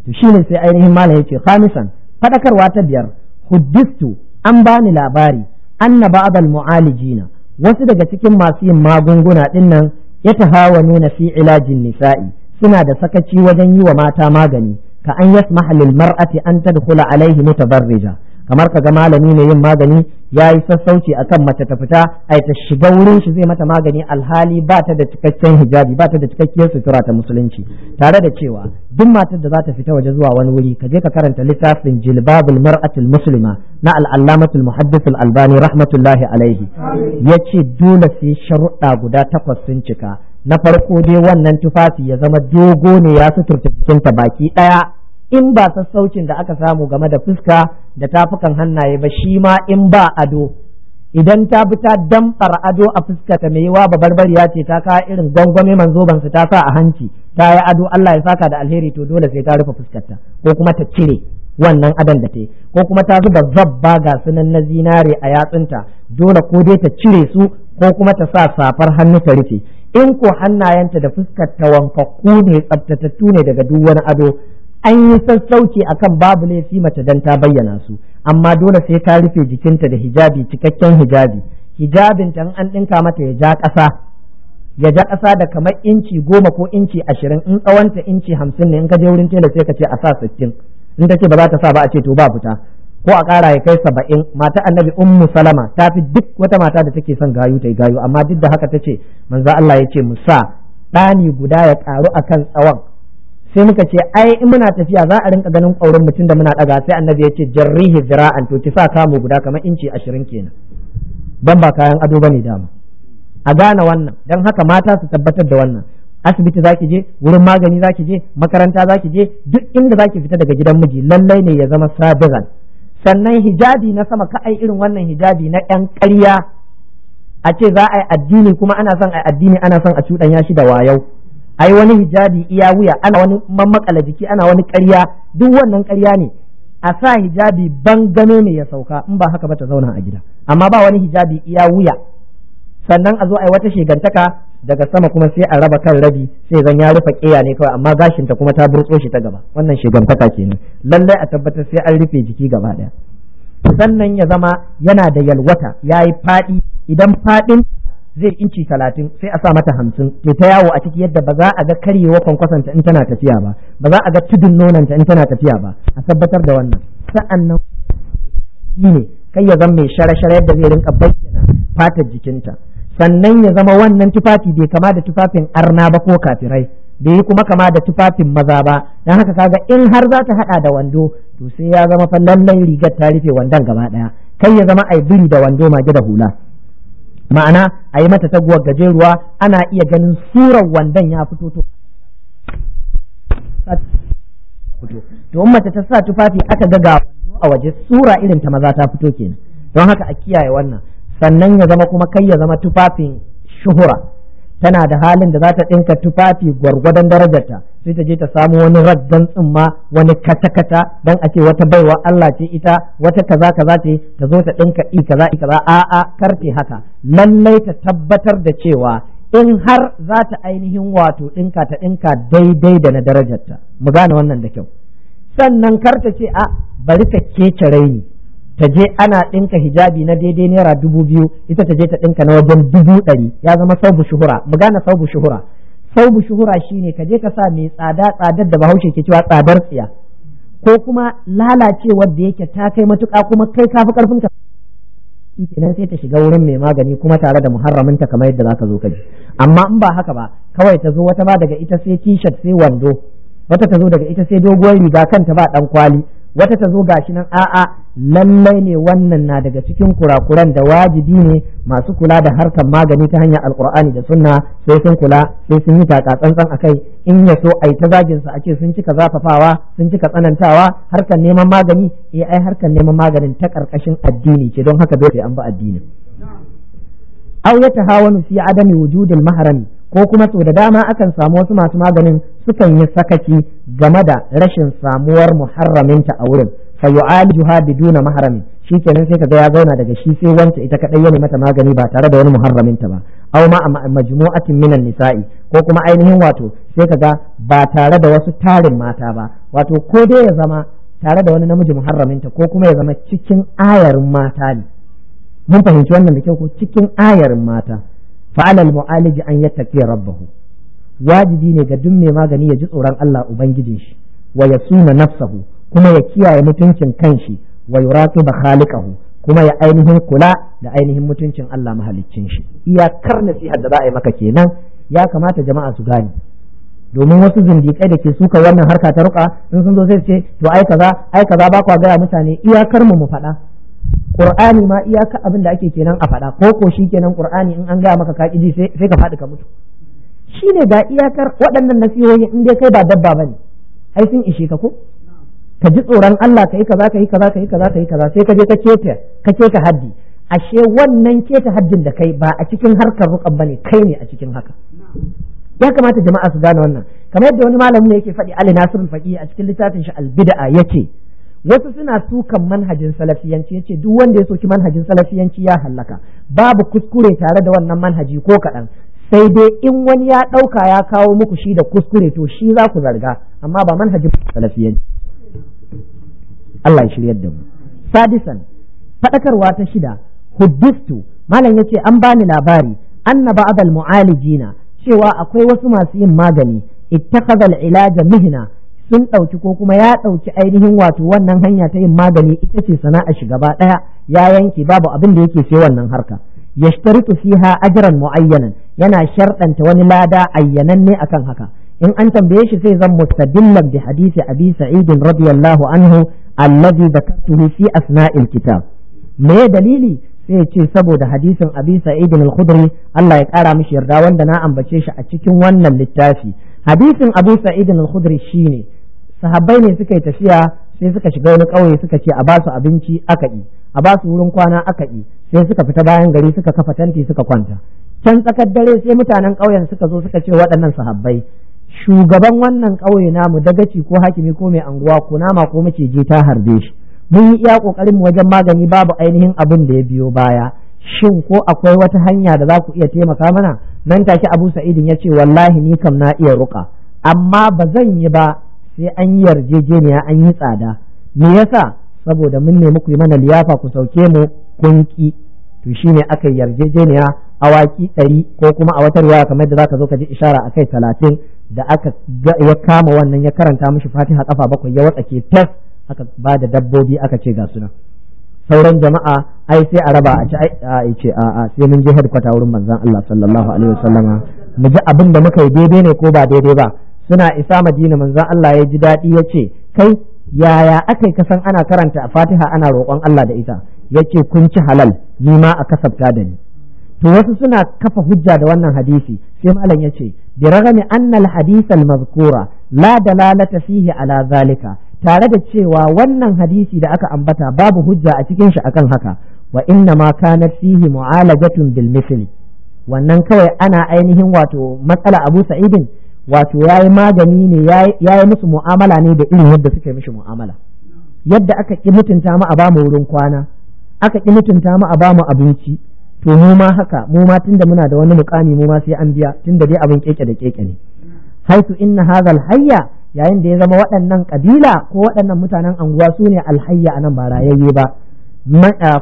to shine sai ainihin malam ce khamisan fadakarwa ta biyar huddistu an bani labari anna ba'dal mu'alijina wasu daga cikin masu yin magunguna dinnan yatahawanuna fi ilajin nisa'i suna da sakaci wajen yi wa mata magani ka an yasmaha lil mar'ati an tadkhula alaihi mutabarrija kamar kaga malami ne yin magani ya yi sassauci akan mace ta fita ai ta shiga wurin shi zai mata magani alhali ba ta da cikakken hijabi ba ta da cikakkiyar sutura ta musulunci tare da cewa duk matar da za ta fita waje zuwa wani wuri ka je ka karanta littafin jilbabul mar'atul muslima na al'allamatul muhaddithul albani rahmatullahi alaihi yace dole sai sharuɗa guda takwas sun cika na farko dai wannan tufafi ya zama dogo ne ya suturta jikinta baki ɗaya in ba sassaucin da aka samu game da fuska da tafukan hannaye ba shi ma in ba ado idan ta bi ta damfar ado a ta mai yiwa ya ce ta ka irin gwangwame manzo su ta sa a hanci ta yi ado Allah ya saka da alheri to dole sai ta rufe fuskarta ko kuma ta cire wannan adon da ta yi ko kuma ta zuba zabba ga sunan na zinare a yatsunta dole ko dai ta cire su ko kuma ta sa safar hannu ta rufe in ko hannayenta da fuskar ta wankakku ne tsaftatattu ne daga duk wani ado an yi sassauci akan babu laifi mace dan ta bayyana su amma dole sai ta rufe jikinta da hijabi cikakken hijabi hijabin ta an ɗinka mata ya ja ƙasa ya ja ƙasa da kamar inci goma ko inci ashirin in tsawonta inci hamsin ne in ka je wurin tela sai ka ce a sa sittin in ta ce ba za ta sa ba a ce to ba fita ko a ƙara ya kai saba'in mata annabi ummu salama ta fi duk wata mata da take son gayu ta yi gayu amma duk da haka ta ce manzo Allah ya ce mu sa ɗani guda ya ƙaru akan tsawon sai muka ce ai in muna tafiya za a rinka ganin ƙaurin mutum da muna ɗaga sai annabi ya ce jarrihi zira'an to ki sa kamu guda kamar inci ashirin kenan ban ba kayan ado bane dama a gane wannan don haka mata su tabbatar da wannan asibiti zaki je wurin magani zaki je makaranta zaki je duk inda zaki fita daga gidan miji lallai ne ya zama sabiran sannan hijabi na sama ka ai irin wannan hijabi na ƴan ƙarya a ce za a yi addini kuma ana son a yi addini ana son a cuɗanya shi da wayau ai wani hijabi iya wuya ana wani mamakala jiki ana wani ƙarya duk wannan ƙarya ne a sa hijabi ban gano me ya sauka in ba haka ba ta zauna a gida amma ba wani hijabi iya wuya sannan a zo a wata shigantaka daga sama kuma sai a raba kan rabi sai zan ya rufe ƙeya ne kawai amma gashinta kuma ta burtso shi ta gaba wannan shegantaka kenan lallai a tabbatar sai an rufe jiki gaba ɗaya sannan ya zama yana da yalwata yayi yi faɗi idan faɗin zai inci talatin sai a sa mata hamsin to ta yawo a ciki yadda ba za a ga karyewa kwankwasanta in tana tafiya ba ba za a ga tudun nonanta in tana tafiya ba a tabbatar da wannan sa'annan ne kai ya zama mai share-share yadda zai rinka bayyana fatar jikinta sannan ya zama wannan tufafi bai kama da tufafin arna ba ko kafirai bai yi kuma kama da tufafin maza ba don haka kaga in har za ta hada da wando to sai ya zama fa lallai rigar ta rufe wandon gaba ɗaya kai ya zama ai biri da wando ma da hula ma'ana a yi mata taguwar gajeruwa ana iya ganin surar wandan ya fito to to mace ta sa tufafi aka ga ga wando a waje sura irin ta maza ta fito kenan don haka a kiyaye wannan sannan ya zama kuma kai ya zama tufafin shuhura tana da halin da za ta ɗinka tufafi gwargwadon darajarta sai ta je ta samu wani raddan tsumma wani kata-kata don a ce wata baiwa Allah ce ita wata kaza kaza ce ta zo ta ɗinka i kaza i kaza a'a karfe haka lallai ta tabbatar da cewa in har za ta ainihin wato ɗinka ta ɗinka daidai da na darajarta mu gane wannan da kyau sannan kar ta ce a bari ta kece raini ta je ana ɗinka hijabi na daidai naira dubu biyu ita ta je ta ɗinka na wajen dubu ɗari ya zama saubu shuhura mu gane saubu shuhura saubu shuhura shine ka je ka sa mai tsada tsadar da bahaushe ke cewa tsadar tsiya ko kuma lalacewar da yake ta kai matuƙa kuma kai ka fi ƙarfin ka kenan sai ta shiga wurin mai magani kuma tare da muharraminta kamar yadda ka zo ka ji amma in ba haka ba kawai ta zo wata ba daga ita sai t sai wando wata ta zo daga ita sai doguwar riga kanta ba dan kwali wata ta zo gashi nan a'a lallai ne wannan na daga cikin kurakuran da wajibi ne masu kula da harkar magani ta hanyar alkur'ani da sunna sai sun kula sai sun yi taka tsantsan akai in ya so ai ta zagin su ake sun cika zafafawa sun cika tsanantawa harkar neman magani eh ai harkar neman maganin ta karkashin addini ce don haka dole an bi addini aw tahawanu fi adami wujudil mahram ko kuma to da dama akan samu wasu masu maganin sukan yi sakaki game da rashin samuwar muharraminta a wurin fa yu'alijuha biduna mahrami shikenan sai kaga ya zauna daga shi sai wanta ita kadai ya mata magani ba tare da wani muharramin ta ba aw ma majmu'atin minan nisa'i ko kuma ainihin wato sai kaga ba tare da wasu tarin mata ba wato ko dai ya zama tare da wani namiji muharramin ta ko kuma ya zama cikin ayarin mata ne mun fahimci wannan da kyau ko cikin ayarin mata fa'ala al-mu'alij an yattaqi rabbahu wajibi ne ga duk mai magani ya ji tsoron Allah ubangijin shi wa yasuna nafsahu kuma ya kiyaye mutuncin kanshi wa da khaliqahu kuma ya ainihin kula da ainihin mutuncin Allah mahaliccin shi iyakar nasiha da za a yi maka kenan ya kamata jama'a su gane domin wasu zindikai da ke suka wannan harka ta ruka in sun zo sai ce to ai kaza ai kaza ba kwa gaya mutane iyakar mu mu faɗa qur'ani ma iyaka abin da ake kenan a faɗa ko ko shi kenan qur'ani in an gaya maka ka ji sai ka faɗi ka mutu shine ga iyakar waɗannan nasihohi in dai kai ba dabba bane ai sun ishe ka ko ka ji tsoron Allah ka yi kaza ka yi kaza ka yi kaza ka yi kaza sai ka je ka keta ka keta haddi ashe wannan keta haddin da kai ba a cikin harkar rukan bane kai ne a cikin haka ya kamata jama'a su gane wannan kamar yadda wani malamin yake faɗi Ali Nasir Faqi a cikin littafin shi Al-Bid'a yake wasu suna sukan manhajin salafiyanci yace duk wanda ya soki manhajin salafiyanci ya hallaka babu kuskure tare da wannan manhaji ko kaɗan sai dai in wani ya ɗauka ya kawo muku shi da kuskure to shi za ku zarga amma ba manhajin salafiyanci Allah ya shiryar da mu sadisan fadakarwa ta shida huddistu malam yace an bani labari anna ba'd al mu'alijina cewa akwai wasu masu yin magani ittakhadha al ilaja mihna sun ɗauki ko kuma ya ɗauki ainihin wato wannan hanya ta yin magani ita ce sana'a shi gaba ɗaya ya yanke babu abin da yake sai wannan harka yashtaritu fiha ajran muayyanan yana sharɗanta wani lada ayyananne akan haka in an tambaye shi sai zan mustadillan bi hadisi abi sa'id radiyallahu anhu alladhi zakartuhu fi asna'il kitab me dalili sai ce saboda hadisin abi sa'id al-khudri Allah ya kara mishi yarda wanda na ambace shi a cikin wannan littafi hadisin abu sa'id al-khudri shine sahabbai ne suka yi tafiya sai suka shiga wani kauye suka ce a basu abinci aka yi a basu wurin kwana aka yi sai suka fita bayan gari suka kafa tanti suka kwanta can tsakar dare sai mutanen ƙauyen suka zo suka ce waɗannan sahabbai shugaban wannan ƙauye namu dagaci ko hakimi ko mai anguwa ko nama ko maciji ta harbe shi mun yi iya ƙoƙarin mu wajen magani babu ainihin abin da ya biyo baya shin ko akwai wata hanya da za ku iya taimaka mana nan take Abu Sa'idin ya ce wallahi ni kam na iya ruka amma ba zan yi ba sai an yi yarjejeniya an yi tsada me yasa saboda mun nemi ku yi mana liyafa ku sauke mu kun ki to shine aka yarjejeniya awaki ɗari ko kuma a wata riwaya kamar da zaka zo ka ji ishara akai talatin da aka ya kama wannan ya karanta mishi fatiha kafa bakwai ya ke tas aka ba da dabbobi aka ce ga suna sauran jama'a ai sai a raba a ci a ce a a sai mun je headquarter wurin manzon Allah sallallahu alaihi wasallama mu ji abin da muka yi daidai ne ko ba daidai ba suna isa madina manzon Allah ya ji daɗi ya ce kai yaya aka yi kasan ana karanta a fatiha ana roƙon Allah da ita ya ce kun ci halal ni ma a kasabta da ni to wasu suna kafa hujja da wannan hadisi sai malam ce bi ragami annal hadith al mazkura la dalalata fihi ala zalika tare da cewa wannan hadisi da aka ambata babu hujja a cikin shi akan haka wa inna ma kana fihi mu'alajatun bil misli wannan kawai ana ainihin wato matsala Abu Sa'idin wato yayi magani ne yayi musu mu'amala ne da irin yadda suka yi mishi mu'amala yadda aka ki mutunta mu a bamu wurin kwana aka ki mutunta mu a bamu abinci to mu ma haka mu ma tunda muna da wani mukami mu ma sai an biya tunda dai abin keke da keke ne haitu inna hadha alhayya yayin da ya zama waɗannan kabila ko waɗannan mutanen anguwa su ne alhayya anan ba rayayye ba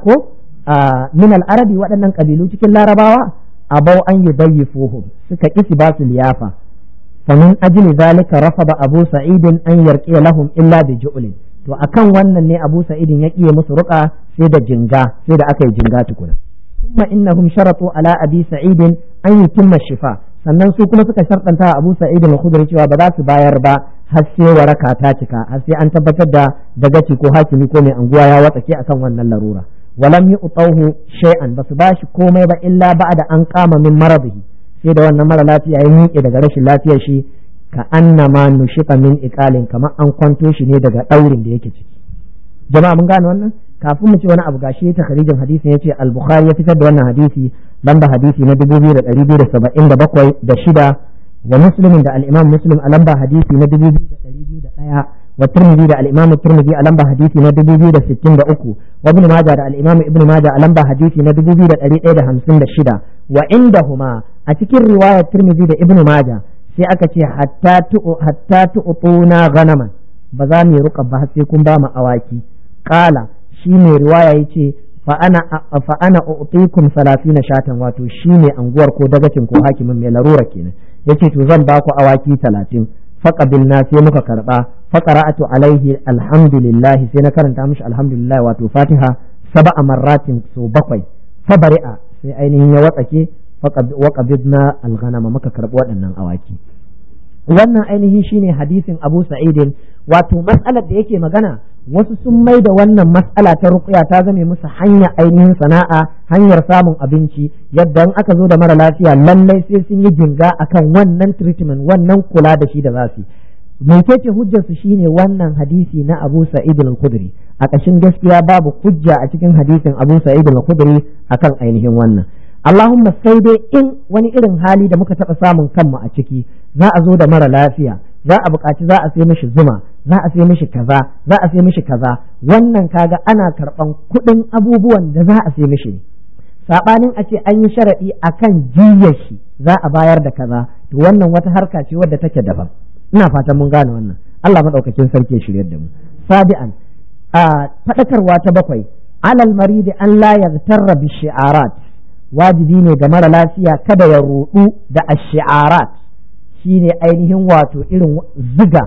ko min arabi waɗannan kabilu cikin larabawa abau an yudayyifuhum suka kisi ba su liyafa فمن أجل ba abu أبو an أن lahum illa bi بجؤل to akan wannan ne Abu ya kiye musu ruka sai da jinga sai da aka yi jinga tukuna ثم انهم شرطوا ala ابي سعيد an يتم shifa sannan su kuma suka shartanta abu sa'id al-khudri cewa ba za su bayar ba har sai waraka ta cika har sai an tabbatar da dagaci ko hakimi ko mai anguwa ya watsake akan wannan larura walam yu'tahu shay'an basu bashi komai ba illa ba'da an kama min maradihi sai da wannan mara lafiya ya miƙe daga rashin lafiya shi ka annama nushika min iqalin kamar an kwanto shi ne daga daurin da yake ciki jama'a mun gane wannan kafin mu ci wani abu gashi ta kharijin hadisin yace al-bukhari ya fitar da wannan hadisi lamba hadisi na 2277 da shida wa muslimin da al-imam muslim a lamba hadisi na 2201 wa tirmidhi da al-imam tirmidhi a lamba hadisi na 2063 wa ibn majah da al-imam ibn majah a lamba hadisi na 2156 wa indahuma a cikin riwaya tirmidhi da ibn majah sai aka ce hatta tu'u hatta tu'tuna ghanaman ba za mu ruqa ba sai kun ba mu awaki qala shi mai riwaya ya ce fa'ana utikun salafi na shatan wato shi ne anguwar ko dagacin ko hakimin mai larura kenan ya ce to zan baku awaki talatin faƙabil na sai muka karɓa faƙara'atu alaihi alhamdulillah sai na karanta mishi alhamdulillah wato fatiha saba marratin so bakwai fabari a sai ainihin ya watsake waƙabidna alghanama muka karɓi waɗannan awaki wannan ainihin shine hadisin abu sa'idin wato matsalar da yake magana wasu sun mai da wannan matsala ta rukuya ta zame musu hanya ainihin sana'a hanyar samun abinci yadda in aka zo da mara lafiya lallai sai sun yi jinga akan wannan treatment wannan kula da shi da za su mai kece hujjar su shine wannan hadisi na Abu Sa'id al-Khudri a ƙashin gaskiya babu hujja a cikin hadisin Abu Sa'id al-Khudri akan ainihin wannan Allahumma sai dai in wani irin hali da muka taɓa samun kanmu a ciki za a zo da mara lafiya za a buƙaci za a sai mishi zuma za a sai mishi kaza za a sai mishi kaza wannan kaga ana karɓan kuɗin abubuwan da za a sai mishi ne saɓanin a ce an yi sharaɗi kan jiyyar shi za a bayar da kaza to wannan wata harka ce wadda take daban ina fatan mun gane wannan Allah maɗaukakin sarki ya shirya da mu sabi'an a fadakarwa ta bakwai alal maridi an la yaghtarra bi shi'arat wajibi ne ga mara lafiya kada ya rudu da ash-shi'arat shine ainihin wato irin ziga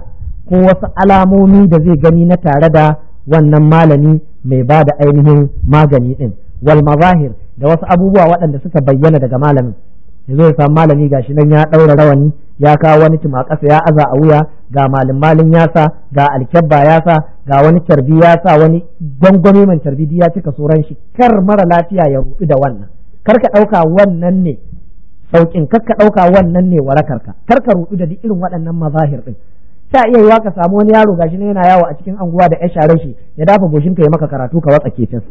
ko wasu alamomi da zai gani na tare da wannan malami mai ba da ainihin magani ɗin wal mazahir da wasu abubuwa waɗanda suka bayyana daga malamin yanzu ya samu malami gashi nan ya ɗaura rawani ya kawo wani tuma ya aza a wuya ga malin malin ya sa ga alkyabba ya sa ga wani carbi ya sa wani gwangwami man carbi ya cika tsoron shi kar mara lafiya ya ruɗu da wannan kar ka ɗauka wannan ne sauƙin kar ka ɗauka wannan ne warakarka kar ka ruɗu da duk irin waɗannan mazahir ɗin ta iya yiwa ka samu wani yaro gashi ne yana yawo a cikin anguwa da ya share shi ya dafa goshin ka ya maka karatu ka watsa kefin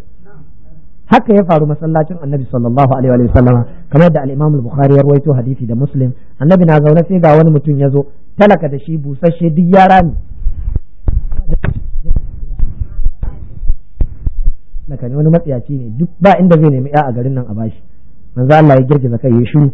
haka ya faru masallacin annabi sallallahu alaihi wa sallam kamar yadda al-imam al-bukhari ya rawaito hadisi da muslim annabi na zaune sai ga wani mutum ya zo talaka da shi busasshe duk yara ne na wani matsiyaci ne duk ba inda zai nemi ya a garin nan a bashi manzo Allah ya girgiza kai ya shiru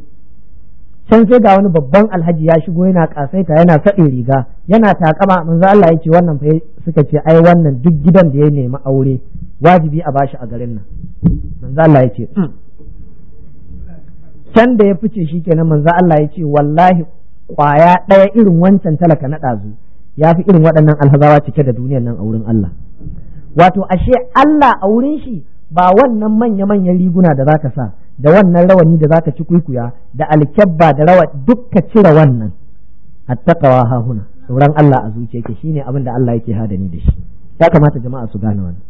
can sai ga wani babban alhaji ya shigo yana kasaita yana saɗin riga yana takama manzo Allah ya ce wannan fa suka ce ai wannan duk gidan da ya nemi aure wajibi a bashi a garin nan manzo Allah ya ce mm. can da ya fice shi kenan manzo Allah ya ce wallahi kwaya ɗaya irin wancan talaka na ɗazu ya fi irin waɗannan alhazawa cike da duniyar nan a wurin Allah wato ashe Allah a wurin shi ba wannan manya-manyan riguna da za ka sa da wannan rawani da zaka ci kuikuya da alkyabba da rawa dukka cire wannan attaqawa ha huna tsoron Allah a zuciya ke shine abin da Allah yake hadani da shi ya kamata jama'a su gane wannan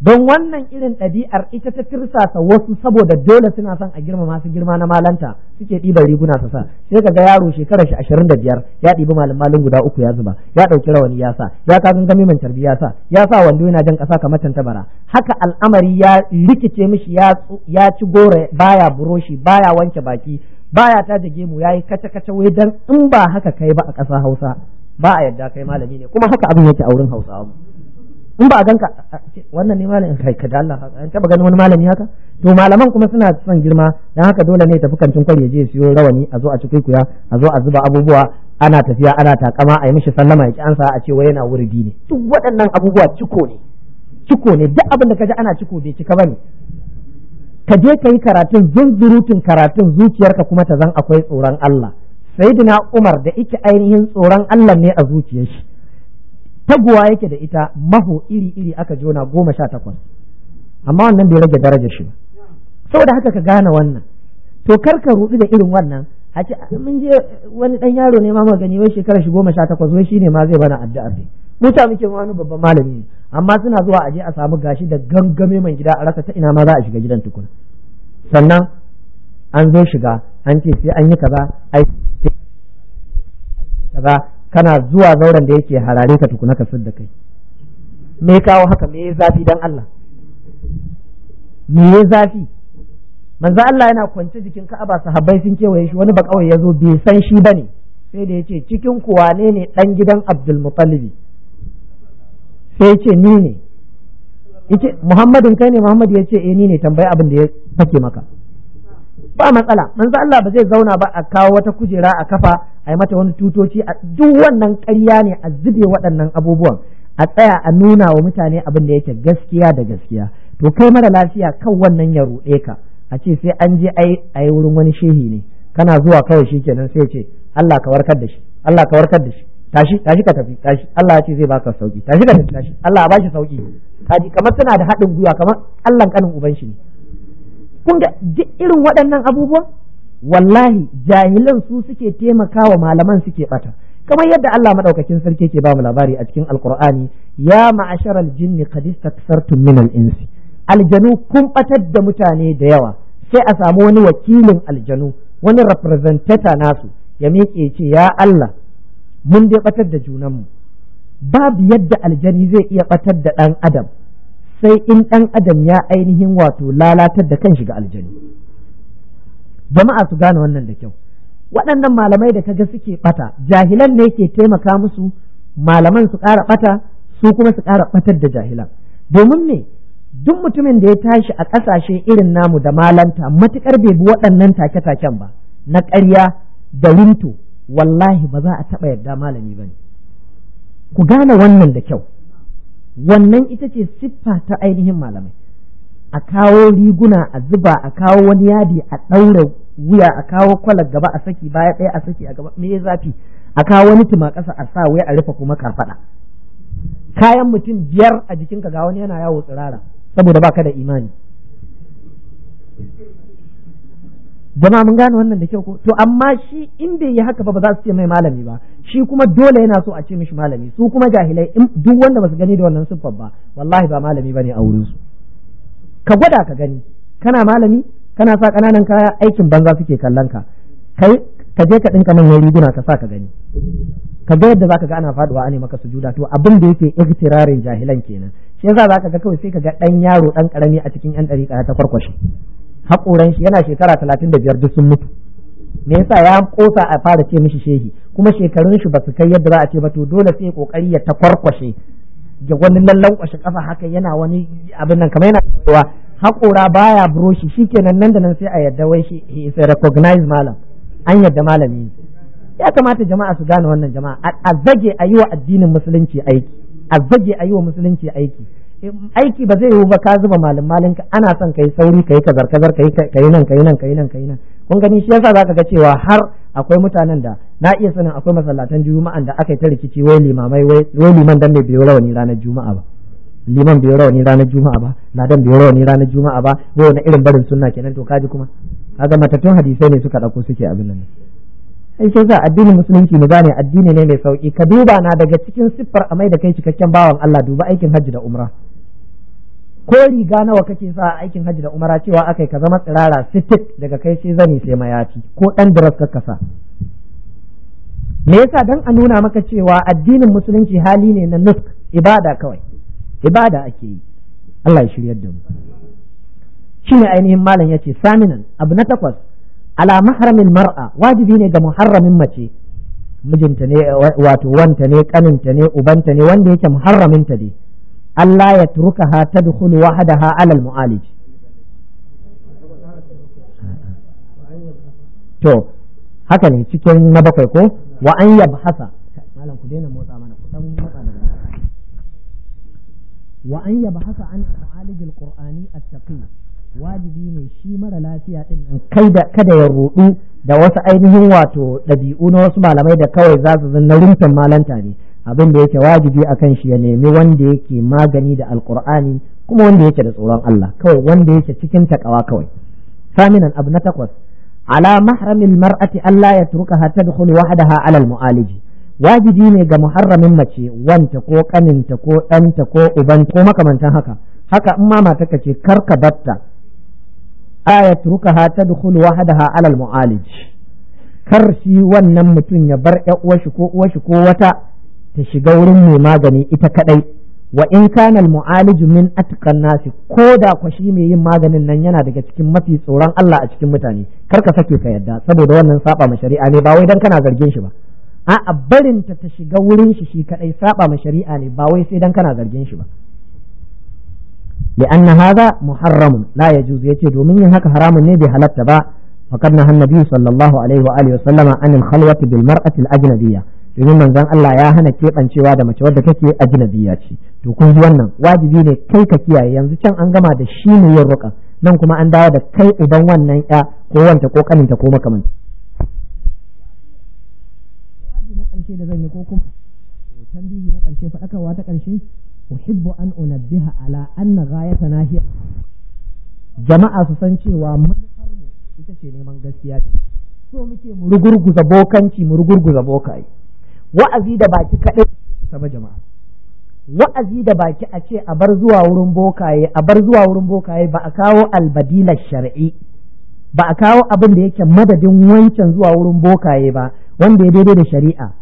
don wannan irin ɗabi'ar ita ta ta wasu saboda dole suna son a girmama masu girma na malanta suke ɗiban riguna su sa sai ka ga yaro shekarar shi ashirin da biyar ya ɗibi malin malin guda uku ya zuba ya ɗauki rawani ya sa ya kasan gami mai tarbiyya sa ya sa wando yana jan ƙasa kamar bara haka al'amari ya rikice mishi ya ci goro baya buroshi baya wanke baki baya ta da gemu yayi kace kace wai dan in ba haka kai ba a ƙasa Hausa ba a yadda kai malami ne kuma haka abin yake a wurin Hausawa in ba a ganka wannan ne malamin kai ka da Allah an taba ganin wani malami haka to malaman kuma suna son girma dan haka dole ne tafi kancin kwari je siyo rawani a zo a cikin kuya a zo a zuba abubuwa ana tafiya ana takama a yi mishi sallama ya ki ansa a ce wai yana wurdi ne duk waɗannan abubuwa ciko ne ciko ne duk abin da kaji ana ciko bai cika bane ka je ka yi karatun zunzurutun karatun zuciyarka kuma ta zan akwai tsoron Allah sayyidina Umar da ike ainihin tsoron Allah ne a zuciyar shi taguwa yake da ita maho iri iri aka jona goma sha takwas amma wannan bai rage darajar shi ba saboda haka ka gane wannan to kar ka rubi da irin wannan a ce ah, mun je wani dan yaro ne ma mu gani wai shekara shi goma sha takwas wai shine ma zai bana addu'ar ne mu ta muke wani babban malami ne amma suna zuwa a je a samu gashi da gangame mai gida a rasa ta ina ma za a shiga gidan tukuna sannan an zo shiga an ce sai an yi kaza ai kaza kana zuwa zauren da yake harare ka tukuna ka da kai me kawo haka me ya zafi dan Allah me ya zafi manzo Allah yana kwance jikin Ka'aba sahabbai sun kewaye shi wani bakawai ya zo bai san shi bane sai da yace cikin ku wane ne dan gidan Abdul Muttalib sai yace ni ne yace Muhammadin kai ne Muhammad yace eh ni ne tambayi abin da ya fake maka ba matsala manzo Allah ba zai zauna ba a kawo wata kujera a kafa a yi mata wani tutoci a duk wannan ƙarya ne a zube waɗannan abubuwan a tsaya a nuna wa mutane abin da yake gaskiya da gaskiya to kai mara lafiya kan wannan ya ruɗe ka a ce sai an je ai ai wurin wani shehi ne kana zuwa kawai shi kenan sai ce Allah ka warkar da shi Allah ka warkar da shi tashi tashi ka tafi tashi Allah ya ce zai baka sauki tashi ka tafi tashi Allah ya shi sauki kaji kamar suna da haɗin gwiwa kamar Allah kanin uban shi ne kun ga duk irin waɗannan abubuwa. wallahi jahilan su suke taimakawa malaman suke bata kamar yadda Allah madaukakin sarki ke ba mu labari a cikin alqur'ani ya ma'asharal jinni qad istakthartum min al-insi aljanu kun batar da mutane da yawa sai a samu wani wakilin aljanu wani representative nasu ya miƙe ce ya Allah mun dai batar da junanmu babu yadda aljani zai iya batar da ɗan adam sai in ɗan adam ya ainihin wato lalatar da kan ga aljani jama'a su gane wannan da kyau waɗannan malamai da kaga suke ɓata jahilan ne ke taimaka musu malaman su ƙara ɓata su kuma su ƙara ɓatar da jahilan domin me duk mutumin da ya tashi a ƙasashe irin namu da malanta matuƙar bai bi waɗannan take-taken ba na ƙarya da rinto wallahi ba za a taɓa yarda malami ba ne ku gane wannan da kyau wannan ita ce siffa ta ainihin malamai a kawo riguna a zuba a kawo wani yadi a ɗaura wuya a kawo kwalar gaba a saki baya ɗaya a saki a gaba me zafi a kawo wani tuma ƙasa a sa wai a rufe kuma kafaɗa kayan mutum biyar a jikinka ga wani yana yawo tsirara saboda baka da imani jama'a mun gane wannan da kyau ko to amma shi in bai yi haka ba ba za su ce mai malami ba shi kuma dole yana so a ce mishi malami su kuma jahilai duk wanda basu gani da wannan siffar ba wallahi ba malami bane a wurin su ka gwada ka gani kana malami kana sa kananan kaya aikin banza suke kallon ka kai ka je ka dinka manyan riguna ka sa ka gani ka ga yadda zaka ga ana faduwa ane maka sujuda to abin da yake iktirarin jahilan kenan shi yasa zaka ga kawai sai ka ga dan yaro dan karami a cikin yan dariƙa ta kwarkwashe haƙoran shi yana shekara talatin da biyar duk sun mutu me yasa ya kosa a fara ce mishi shehi kuma shekarun shi ba su kai yadda za a ce ba to dole sai kokari ya takwarkwashe ya wani lallan kwashe kafa haka yana wani abin nan kamar yana cewa hakora baya buroshi shikenan nan da nan sai a yadda wai shi he is malam an yadda malami ya kamata jama'a su gane wannan jama'a a zage a yi wa addinin musulunci aiki a zage a yi wa musulunci aiki aiki ba zai yiwu ba ka zuba malin malin ka ana son kai sauri kai kazar kazar kai kai nan kai nan kai nan kai nan kun gani shi yasa zaka ga cewa har akwai mutanen da na iya sanin akwai masallatan juma'an da aka yi ta rikici wai limamai wai liman dan bai biyo rawani ranar juma'a ba liman bai rawani ranar juma'a ba na dan bai rawani ranar juma'a ba wai wani irin barin sunna kenan to kaji kuma kaga matattun hadisai ne suka dauko suke abin nan sai shi yasa addinin musulunci mu gane addini ne mai sauki ka duba na daga cikin siffar amai da kai cikakken bawan Allah duba aikin hajji da umra ko riga nawa kake sa aikin hajji da umra cewa akai ka zama tsirara sitik daga kai sai zani sai mayafi ko dan diras kasa sa me yasa dan a nuna maka cewa addinin musulunci hali ne na nusk ibada kawai ibada ake yi Allah ya shiryar da mu shine ainihin malam ce saminan abu na takwas ala mahramin mar'a wajibi ne ga muharramin mace mijinta ne wato wanta ne kaninta ne ubanta ne wanda yake ta ne Allah ya turkaha tadkhulu wahdaha ala al-mu'alij to haka ne cikin na bakwai ko wa an yabhasa malam ku daina motsa mana ku dan motsa daga wa an yabhasa an al-mu'alij al-qur'ani at-taqi wajibi ne shi mara lafiya din kai da kada ya rudu da wasu ainihin wato ɗabi'u na wasu malamai da kawai za su zanna rumfin malanta ne abin da yake wajibi akan shi ya nemi wanda yake magani da alkur'ani kuma wanda yake da tsoron Allah kawai wanda yake cikin takawa kawai saminan abu na takwas ala mahramil mar'ati Allah ya turka hatta dukul wahdaha alal mu'aliji wajibi ne ga muharramin mace wanta ko kaninta ko ɗanta ko uban ko makamantan haka haka in ma matarka ce kar ka batta ya turkaha tadkhul wahadaha alal mu'alij kar shi wannan mutum ya bar ƴan uwashi ko uwashi ko wata ta shiga wurin mai magani ita kadai wa in kana al mu'alij min atqan nasi ko da kwa shi mai yin maganin nan yana daga cikin mafi tsoron Allah a cikin mutane kar ka sake ka yadda saboda wannan saba ma shari'a ne ba wai dan kana zargin shi ba a'a barinta ta shiga wurin shi shi kadai saba ma shari'a ne ba wai sai dan kana zargin shi ba لأن هذا محرم لا يجوز يتي دومين هكا حرام ني بي حلت با فقد نهى النبي صلى الله عليه وآله وسلم عن الخلوة بالمرأة الأجنبية domin manzon Allah ya hana keɓancewa da mace wadda take ajnabiya ce to kun ji wannan wajibi ne kai ka kiyaye yanzu can an gama da shi ne yin ruka nan kuma an dawo da kai uban wannan ya ko ko kaninta ko makamanta jawabi na da zan yi ko kuma na ta ƙarshe uhibbu an unabbiha ala anna ghayatana hiya jama'a su san cewa manufar mu ita ce neman gaskiya da so muke mu rugurguza bokanci mu rugurguza bokaye wa'azi da baki kadai sama jama'a wa'azi da baki a ce a bar zuwa wurin bokaye a bar zuwa wurin bokaye ba a kawo albadila shar'i ba a kawo abin da yake madadin wancan zuwa wurin bokaye ba wanda ya daidai da shari'a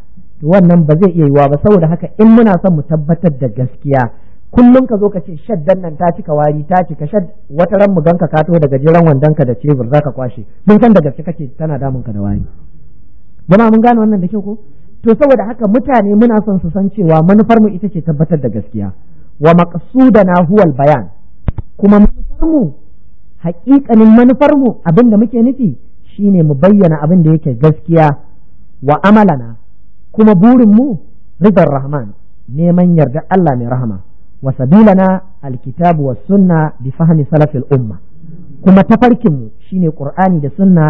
to wannan ba zai iya yiwa ba saboda haka in muna son mu tabbatar da gaskiya kullum ka zo ka ce shaddan nan ta cika wari ta cika shad wata ran mu ganka ka kato daga jiran ka da cebur zaka kwashe mun san da gaske kake tana damun ka da wari jama'a mun gane wannan da kyau ko to saboda haka mutane muna son su san cewa manufar mu ita ce tabbatar da gaskiya wa maqsudana huwal bayan kuma manufar mu haƙiƙanin manufar mu abin muke nufi shine mu bayyana abin da yake gaskiya wa amalana kuma burin mu ridar rahman neman yarda Allah mai rahama wa sabilana alkitabu was sunna bi fahmi salafil umma kuma tafarkin mu shine qur'ani da sunna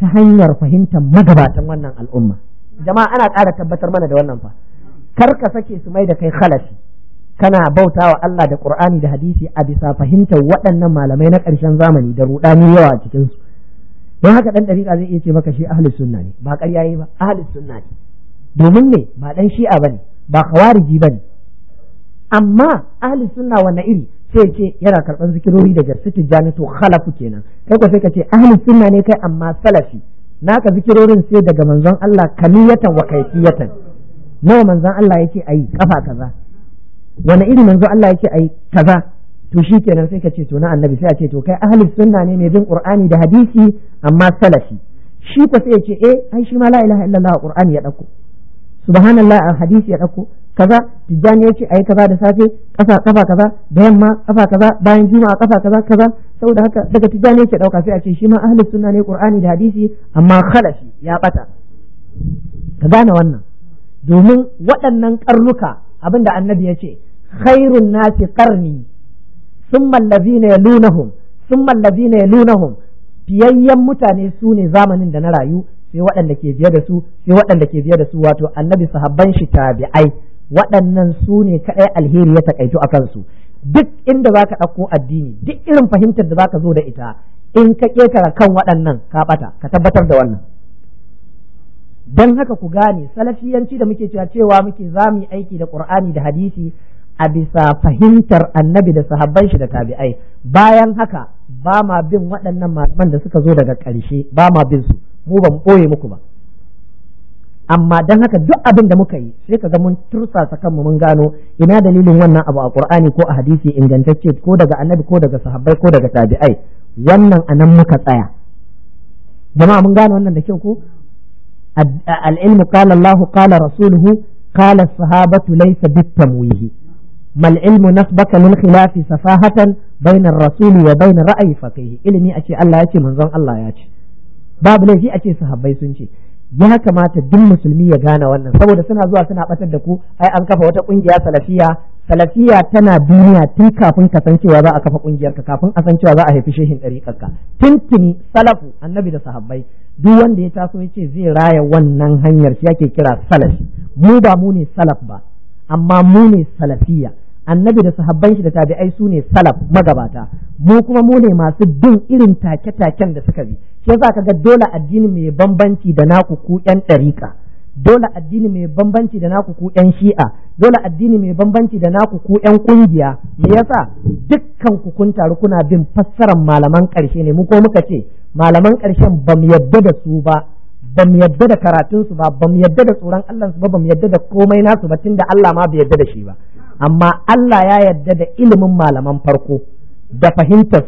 ta hanyar fahimtar magabatan wannan al'umma jama'a ana ƙara tabbatar mana da wannan fa kar ka sake su mai da kai khalafi kana bauta wa Allah da Qur'ani da hadisi a bisa fahimtar waɗannan malamai na ƙarshen zamani da ruɗani yawa a cikin su don haka dan dariƙa zai iya ce maka shi ahlus sunna ne ba ƙarya yi ba ahlus sunna ne domin me ba dan shi'a ba ne ba ba ne amma ahli sunna wani iri sai ce yana karban zikirori daga sitin to halafu kenan kai ko sai ka ce ahli sunna ne kai amma salafi naka zikirorin sai daga manzon Allah kamiyatan wa kaifiyatan nawa manzon Allah yake ayi kafa kaza wani iri manzon Allah yake ayi kaza to shi kenan sai ka ce to na annabi sai a ce to kai ahli sunna ne mai bin qur'ani da hadisi amma salafi shi ko sai ya ce eh ai shi ma la ilaha illallah qur'ani ya dauko subhanallah a hadisi ya ɗauko kaza tijjani a yi kaza da safe kafa kafa kaza da yamma kafa kaza bayan juma'a kafa kaza kaza saboda haka daga tijjani yake dauka sai a ce shi ma ahlus sunna ne qur'ani da hadisi amma khalashi ya ɓata. ka gane wannan domin waɗannan karnuka abinda annabi ya ce khairun nasi qarni thumma allazina yalunahum thumma allazina yalunahum fiyayyen mutane su ne zamanin da na rayu sai waɗanda ke biye da su sai waɗanda ke biye da su wato annabi sahabban shi tabi'ai waɗannan su ne kaɗai alheri ya takaitu a kansu duk inda za ka ɗauko addini duk irin fahimtar da za ka zo da ita in ka ƙetara kan waɗannan ka ɓata ka tabbatar da wannan don haka ku gane salafiyanci da muke cewa cewa muke za mu yi aiki da ƙur'ani da hadisi a bisa fahimtar annabi da sahabban shi da tabi'ai bayan haka ba ma bin waɗannan malaman da suka zo daga ƙarshe ba ma bin su mu ba mu ɓoye muku ba amma dan haka duk abin da muka yi sai ka ga mun tursasa kanmu mun gano ina dalilin wannan abu a Qur'ani ko a hadisi ingantacce ko daga annabi ko daga sahabbai ko daga tabi'ai wannan anan muka tsaya jama'a mun gano wannan da kyau ko al-ilmu qala Allah qala rasuluhu qala sahabatu laysa bitamwihi mal ilmu nasbaka min khilafi safahatan bainar rasuli wa bainar ra'ayi faqih ilimi a ce Allah ya ce manzon Allah ya ce babu laifi a ce sahabbai sun ce ya kamata duk musulmi ya gane wannan saboda suna zuwa suna batar da ku ai an kafa wata kungiya salafiya salafiya tana duniya tun kafin ka san cewa za a kafa kungiyar ka kafin a san cewa za a haifi shehin dariƙar ka tuntuni salafu annabi da sahabbai duk wanda ya taso yace zai raya wannan hanyar shi ake kira salafi mu ba mu ne salaf ba amma mu ne salafiya annabi da sahabban shi da tabi'ai su ne salaf magabata mu kuma mu ne masu bin irin take-taken da suka bi shi yasa ga dole addini mai bambanci da naku ku yan ɗariƙa dole addini mai bambanci da naku ku yan shi'a dole addini mai bambanci da naku ku yan kungiya me yasa dukkan ku kun taru kuna bin fassarar malaman ƙarshe ne mu ko muka ce malaman ƙarshen bamu yadda da su ba ba mu yadda da karatunsu ba ba mu yadda da tsoron Allah su ba ba mu yadda da komai nasu ba tunda Allah ma bai yadda da shi ba amma Allah ya yarda da ilimin malaman farko da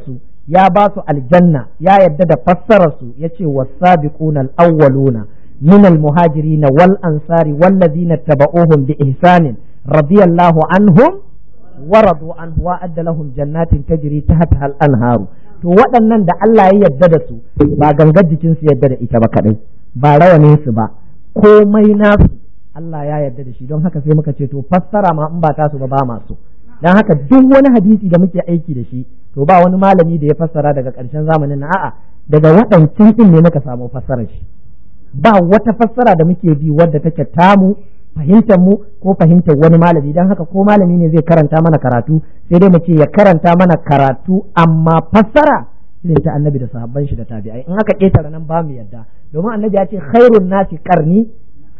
su ya ba su aljanna ya yarda da fassararsu ya ce wasabiquna nal awwaluna min al-muhajirin wal ansari wallazina taba'uhum bi ihsanin radiyallahu anhum wa radu anhu wa adda jannatin tajri tahtaha al-anharu to waɗannan da Allah ya yarda da su ba gangar jikinsu yarda da ita ba kadai ba rawanin su ba komai nasu Allah ya yarda da shi don haka sai muka ce to fassara ma in ba ta su ba ba masu dan haka duk wani hadisi da muke aiki da shi to ba wani malami da ya fassara daga ƙarshen zamanin na a'a daga waɗancan din ne muka samu fassarar shi ba wata fassara da muke bi wadda take tamu fahimtar mu ko fahimtar wani malami don haka ko malami ne zai karanta mana karatu sai dai mu ce ya karanta mana karatu amma fassara irin ta annabi da sahabban shi da tabi'ai in aka ketare nan ba mu yadda domin annabi ya ce khairun nasi karni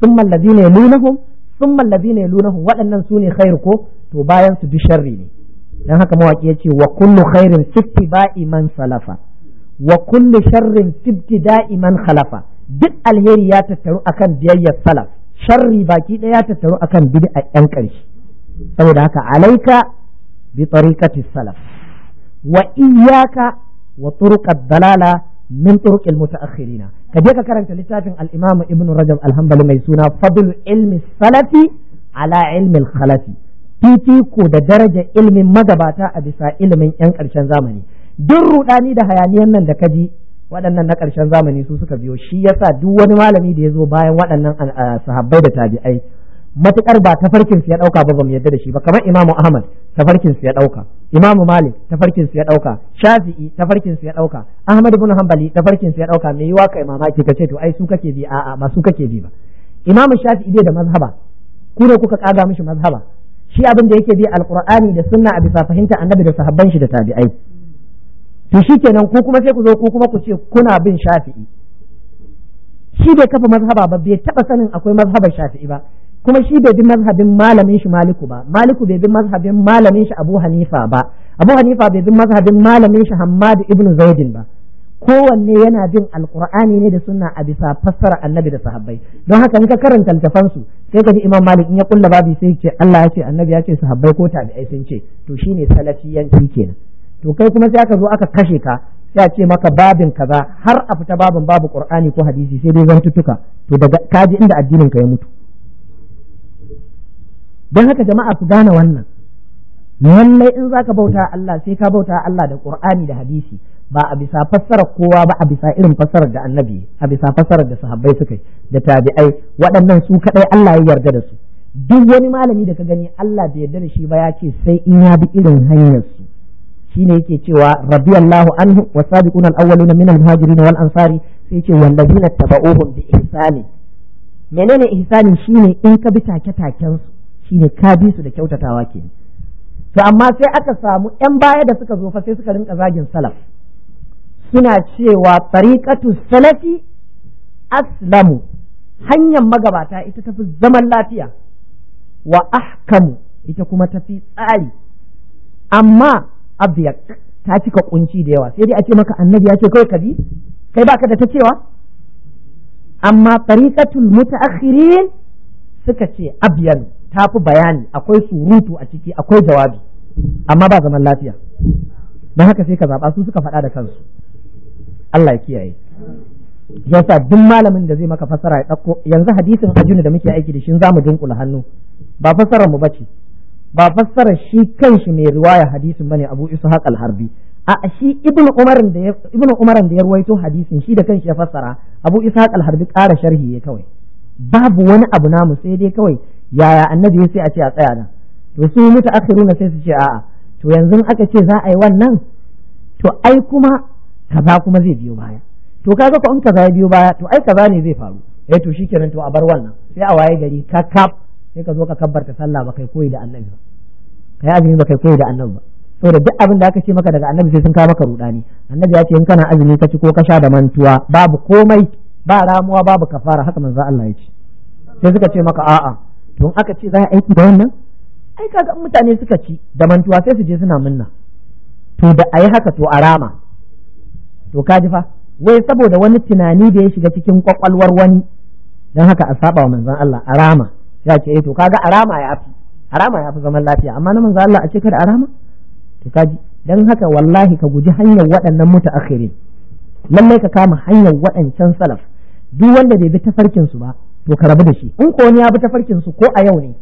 thumma alladhina yalunahum thumma alladhina yalunahum waɗannan sune khair ko to bayan su bi sharri ne dan haka mawaki ce wa kullu khairin fittiba'i man salafa wa kullu sharrin fittida'i man khalafa duk alheri ya tattaru akan biyayyar salaf sharri baki ɗaya ya tattaru akan bid'a yan ƙarshe saboda haka alaika bi tariqati salaf wa iyyaka wa turuqad dalala min turuqil mutaakhirina ka je ka karanta littafin al-Imam Ibn Rajab al-Hanbali mai suna Fadl ilmi salafi ala ilmi al-khalafi ko da daraja ilmin magabata a bisa ilimin yan karshen zamani duk rudani da hayaniyan nan da kaji waɗannan na karshen zamani su suka biyo shi yasa duk wani malami da ya zo bayan waɗannan sahabbai da tabi'ai matukar ba tafarkin su ya dauka ba bamu yadda da shi ba kamar Imam Ahmad tafarkin su ya dauka Imam Malik tafarkin su ya dauka Shafi'i tafarkin su ya dauka Ahmad ibn Hanbali tafarkin su ya dauka me yiwa kai mamaki kace to ai su kake bi a'a ba su kake bi ba Imam Shafi'i bai da mazhaba ku ne kuka kaga mishi mazhaba shi abin da yake bi alqur'ani da sunna a bisa fahimta annabi da sahabban shi da tabi'ai to shikenan ku kuma sai ku zo ku kuma ku ce kuna bin Shafi'i shi bai kafa mazhaba ba bai taba sanin akwai mazhabar shafi'i ba kuma shi bai bi mazhabin malamin shi maliku ba maliku bai bi mazhabin malamin shi abu hanifa ba abu hanifa bai bi mazhabin malamin shi hammad ibn zaidin ba kowanne yana bin alkur'ani ne da sunna a bisa fassara annabi da sahabbai don haka in ka karanta littafan su sai ka ji imam malik in ya kulla babu sai ce Allah ya ce annabi ya ce sahabbai ko tabi'ai sun ce to shine salafiyanci kenan to kai kuma sai aka zo aka kashe ka sai a ce maka babin kaza har a fita babin babu qur'ani ko hadisi sai dai zantuttuka to daga kaji inda addinin ka ya mutu don haka jama'a su gane wannan lallai in zaka bauta Allah sai ka bauta Allah da Qur'ani da hadisi ba a bisa fassarar kowa ba a bisa irin fassarar da annabi a bisa fassarar da sahabbai suka yi da tabi'ai waɗannan su kaɗai Allah ya yarda da su duk wani malami da ka gani Allah bai yarda da shi ba ya ce sai in ya bi irin hanyar su shine yake cewa radiyallahu anhu wa al-awwaluna min al-muhajirin wal ansari sai ce ladina tabauhum bi ihsani menene ihsani shine in ka bi take taken su ne ka bi su da kyautatawa ke to amma sai aka samu yan baya da suka zo fa sai suka rinka zagin salaf suna cewa tariqatu salafi aslamu hanyar magabata ita tafi zaman lafiya wa ahkamu ita kuma tafi tsari amma abyak ta cika kunci da yawa sai dai a ce maka annabi ya ce kai ka bi kai baka da ta cewa amma tariqatul mutaakhirin suka ce abyan tafi bayani akwai surutu a ciki akwai jawabi amma ba zaman lafiya don haka sai ka zaba su suka faɗa da kansu Allah ya kiyaye yasa duk malamin da zai maka fasara ya ɗauko yanzu hadisin ajuni da muke aiki da shi za mu dunkula hannu ba fassarar mu bace ba fassarar shi kanshi mai riwaya hadisin bane Abu Ishaq al-Harbi a shi Ibn Umar da ya Ibn Umar da ya ruwaito hadisin shi da kanshi ya fassara Abu Ishaq al-Harbi ƙara sharhi ne kawai babu wani abu namu sai dai kawai yaya annabi sai a ce a tsaya nan to su muta akhiruna sai su ce a'a to yanzu aka ce za a yi wannan to ai kuma kaza kuma zai biyo baya to kaga ko in kaza ya biyo baya to ai kaza ne zai faru eh to shikenan to a bar wannan sai a waye gari ka kap sai ka zo ka kabbarta sallah ba kai koyi da annabi ba kai azumi ba kai koyi da annabi ba saboda duk abin da aka ce maka daga annabi sai sun ka maka rudani annabi ya ce in kana azumi ka ci ko ka sha da mantuwa babu komai ba ramuwa babu kafara haka manzo Allah ya ce sai suka ce maka a'a to aka ce za a aiki da wannan ai kaga mutane suka ci da mantuwa sai su je suna munna to da ayi haka to a rama to kaji fa wai saboda wani tunani da ya shiga cikin kwakwalwar wani don haka a saba wa manzon Allah a rama ya ce eh to kaga a rama ya fi a rama ya fi zaman lafiya amma na manzon Allah a ce kada a rama to kaji dan haka wallahi ka guji hanyar waɗannan mutaakhirin lallai ka kama hanyar waɗancan salaf duk wanda bai bi tafarkin su ba to ka rabu da shi in ko ya bi tafarkin su ko a yau ne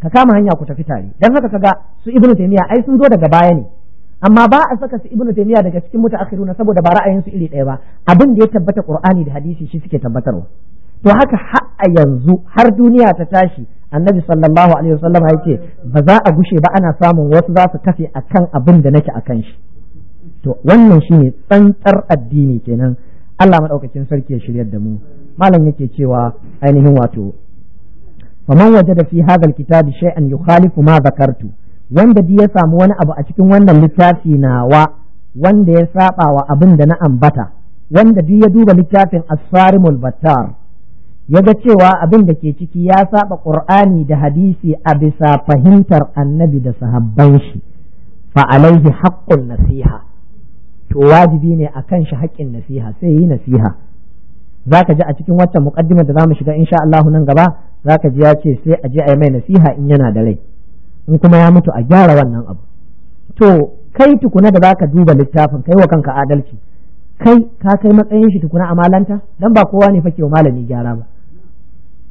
ka kama hanya ku tafi tare dan haka kaga su ibnu taymiya ai sun zo daga baya ne amma ba a saka su ibnu taymiya daga cikin mutaakhiruna saboda ba ra'ayin su iri ɗaya ba abin da ya tabbata qur'ani da hadisi shi suke tabbatarwa to haka har a yanzu har duniya ta tashi annabi sallallahu alaihi wasallam ya ce ba za a gushe ba ana samun wasu za su kafe akan abin da nake akan shi to wannan shine tsantsar addini kenan Allah madaukakin sarki ya shiryar da mu malam yake cewa ainihin wato faman wajada fi hadha alkitabi shay'an yukhalifu ma zakartu wanda dai ya samu wani abu a cikin wannan littafi nawa wanda ya saba wa abin da na ambata wanda dai ya duba littafin as-sarimul battar ya cewa abin da ke ciki ya saba qur'ani da hadisi a bisa fahimtar annabi da sahabban shi fa alaihi haqqun nasiha to wajibi ne akan shi haƙƙin nasiha sai yi nasiha za ka ji a cikin waccan mukaddimar da za mu shiga insha Allah nan gaba za ka ji ya ce sai a je a yi mai nasiha in yana da rai in kuma ya mutu a gyara wannan abu to kai tukuna da za ka duba littafin kai wa kanka adalci kai ka kai matsayin shi tukuna a malanta dan ba kowa ne fake wa malami gyara ba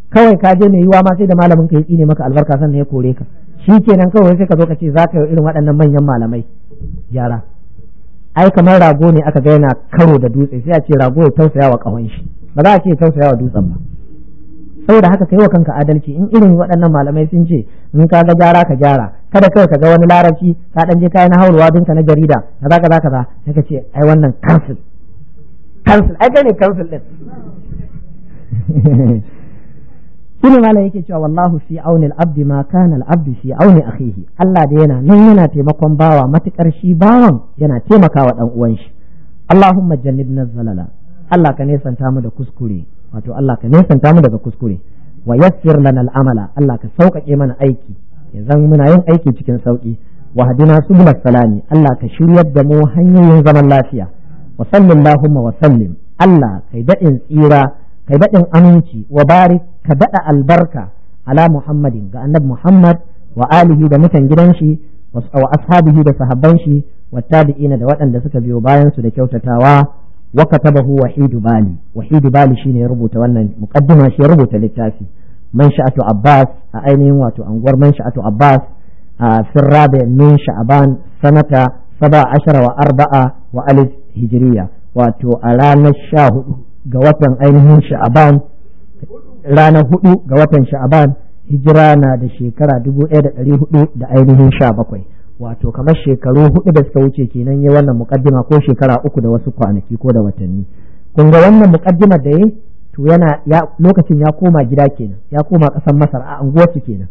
kawai ka je mai yiwa ma sai da malamin ka ya ne maka albarka sannan ya kore ka shi kenan kawai sai ka zo ka ce za ka yi irin waɗannan manyan malamai gyara ai kamar rago ne aka ga yana karo da dutse sai a ce rago ya tausaya wa ƙahon shi ba za a ce tausaya wa dutsen ba saboda haka kai wa kanka adalci in irin waɗannan malamai sun ce in ka ga gyara ka gyara kada kawai ka ga wani larabci ka dan je kayan haulwa dinka na jarida kaza za ka sai ka ce ai wannan kansil kansil ai kai ne kansil din shine malam yake cewa wallahu fi aunin abdi ma kana al-abdi fi auni akhihi Allah da yana nan yana taimakon bawa matukar shi bawan yana taimakawa dan uwan shi Allahumma na zalala Allah ka nesanta mu da kuskure wato Allah ka nesanta mu daga kuskure wa yassir lana amala Allah ka sauƙaƙe mana aiki yanzu muna yin aiki cikin sauƙi wa hadina subul salami Allah ka shiryar da mu hanyoyin zaman lafiya wa sallallahu wa sallim Allah kai daɗin tsira kai daɗin aminci wa barik ka daɗa albarka ala muhammadin ga annabi muhammad wa alihi da mutan gidan shi wa ashabihi da sahabban shi wa tabi'ina da waɗanda suka biyo bayan su da kyautatawa wa katabahu wahid bali wahid bali shi ne rubuta wannan muqaddima shi ya rubuta littafi mansha'atu abbas a ainihin wato anguwar mansha'atu abbas a sirrabe min sha'aban sanata saba ashara wa arba'a wa alif hijriya wato a ranar sha hudu ga watan sha'aban hijira na da shekara dubu ɗaya da ɗari hudu da ainihin sha bakwai wato kamar shekaru hudu da suka wuce kenan ya wannan mukaddima ko shekara uku da wasu kwanaki ko da watanni kun wannan mukaddima da yayi to yana lokacin ya koma gida kenan ya koma kasar Masar a su kenan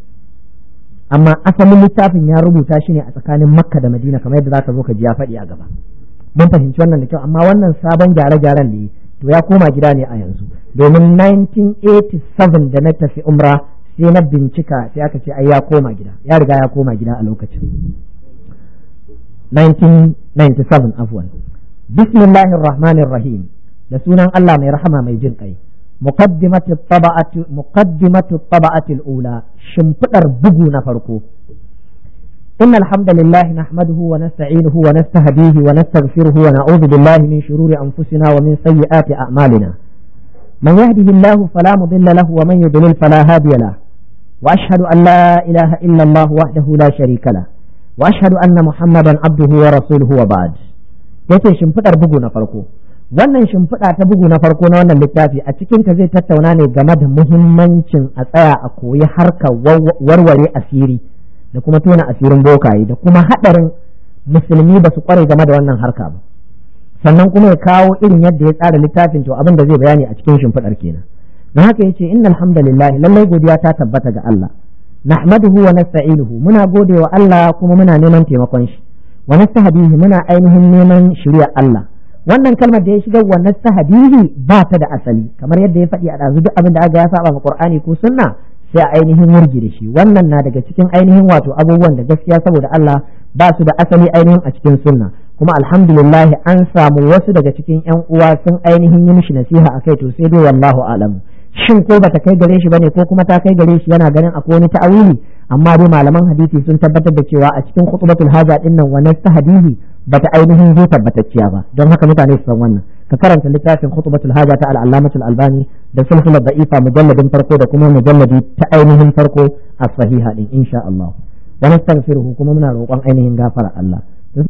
amma asalin littafin ya rubuta shi ne a tsakanin Makka da Madina kamar yadda zaka zo ka ji ya faɗi a gaba mun fahimci wannan da kyau amma wannan sabon gyare-gyaren da ya to ya koma gida ne a yanzu domin 1987 da na tafi umra sai na bincika sai aka ce ai ya koma gida ya riga ya koma gida a lokacin 1997 afwan bismillahir rahmanir rahim da sunan Allah mai rahama mai jin kai muqaddimatu taba'ati muqaddimatu taba'ati al-ula shimfidar bugu na farko إن الحمد لله نحمده ونستعينه ونستهديه ونستغفره ونعوذ بالله من شرور أنفسنا ومن سيئات أعمالنا من يهده الله فلا مضل له ومن يضلل فلا هادي له وأشهد أن لا إله إلا الله وحده لا شريك له washadu ashhadu muhammadan abduhu wa rasuluhu wa yace shimfidar bugu na farko wannan shimfiɗa ta bugu na farko na wannan littafi a cikin ta zai tattauna ne game da muhimmancin a tsaya a koyi harkar warware asiri da kuma tona asirin bokaye da kuma hadarin musulmi ba su kware game da wannan harka ba sannan kuma ya kawo irin yadda ya tsara littafin to abin da zai bayani a cikin shimfiɗar kenan na haka yace innal hamdalillah lallai godiya ta tabbata ga Allah nahmaduhu wa nasta'inuhu muna gode wa Allah kuma muna neman taimakon shi wa nastahdihi muna ainihin neman shirya Allah wannan kalmar da ya shiga wa nastahdihi ba ta da asali kamar yadda ya faɗi a ɗazu duk abin da aka ya saba ma Qur'ani ko sunna sai a ainihin wurgi da shi wannan na daga cikin ainihin wato abubuwan da gaskiya saboda Allah ba su da asali ainihin a cikin sunna kuma alhamdulillah an samu wasu daga cikin yan uwa sun ainihin yi mishi nasiha akai to sai dai wallahu a'lamu shin ko bata kai gare shi bane ko kuma ta kai gare shi yana ganin akwai wani ta'awili amma dai malaman hadisi sun tabbatar da cewa a cikin khutbatul haja din nan wannan ta hadisi bata ainihin zo tabbatacciya ba don haka mutane su san wannan ka karanta littafin khutbatul haja ta al-allamatul albani da sulhul da'ifa mujalladin farko da kuma mujalladi ta ainihin farko a sahiha din insha Allah wa nastaghfiruhu kuma muna roƙon ainihin gafara Allah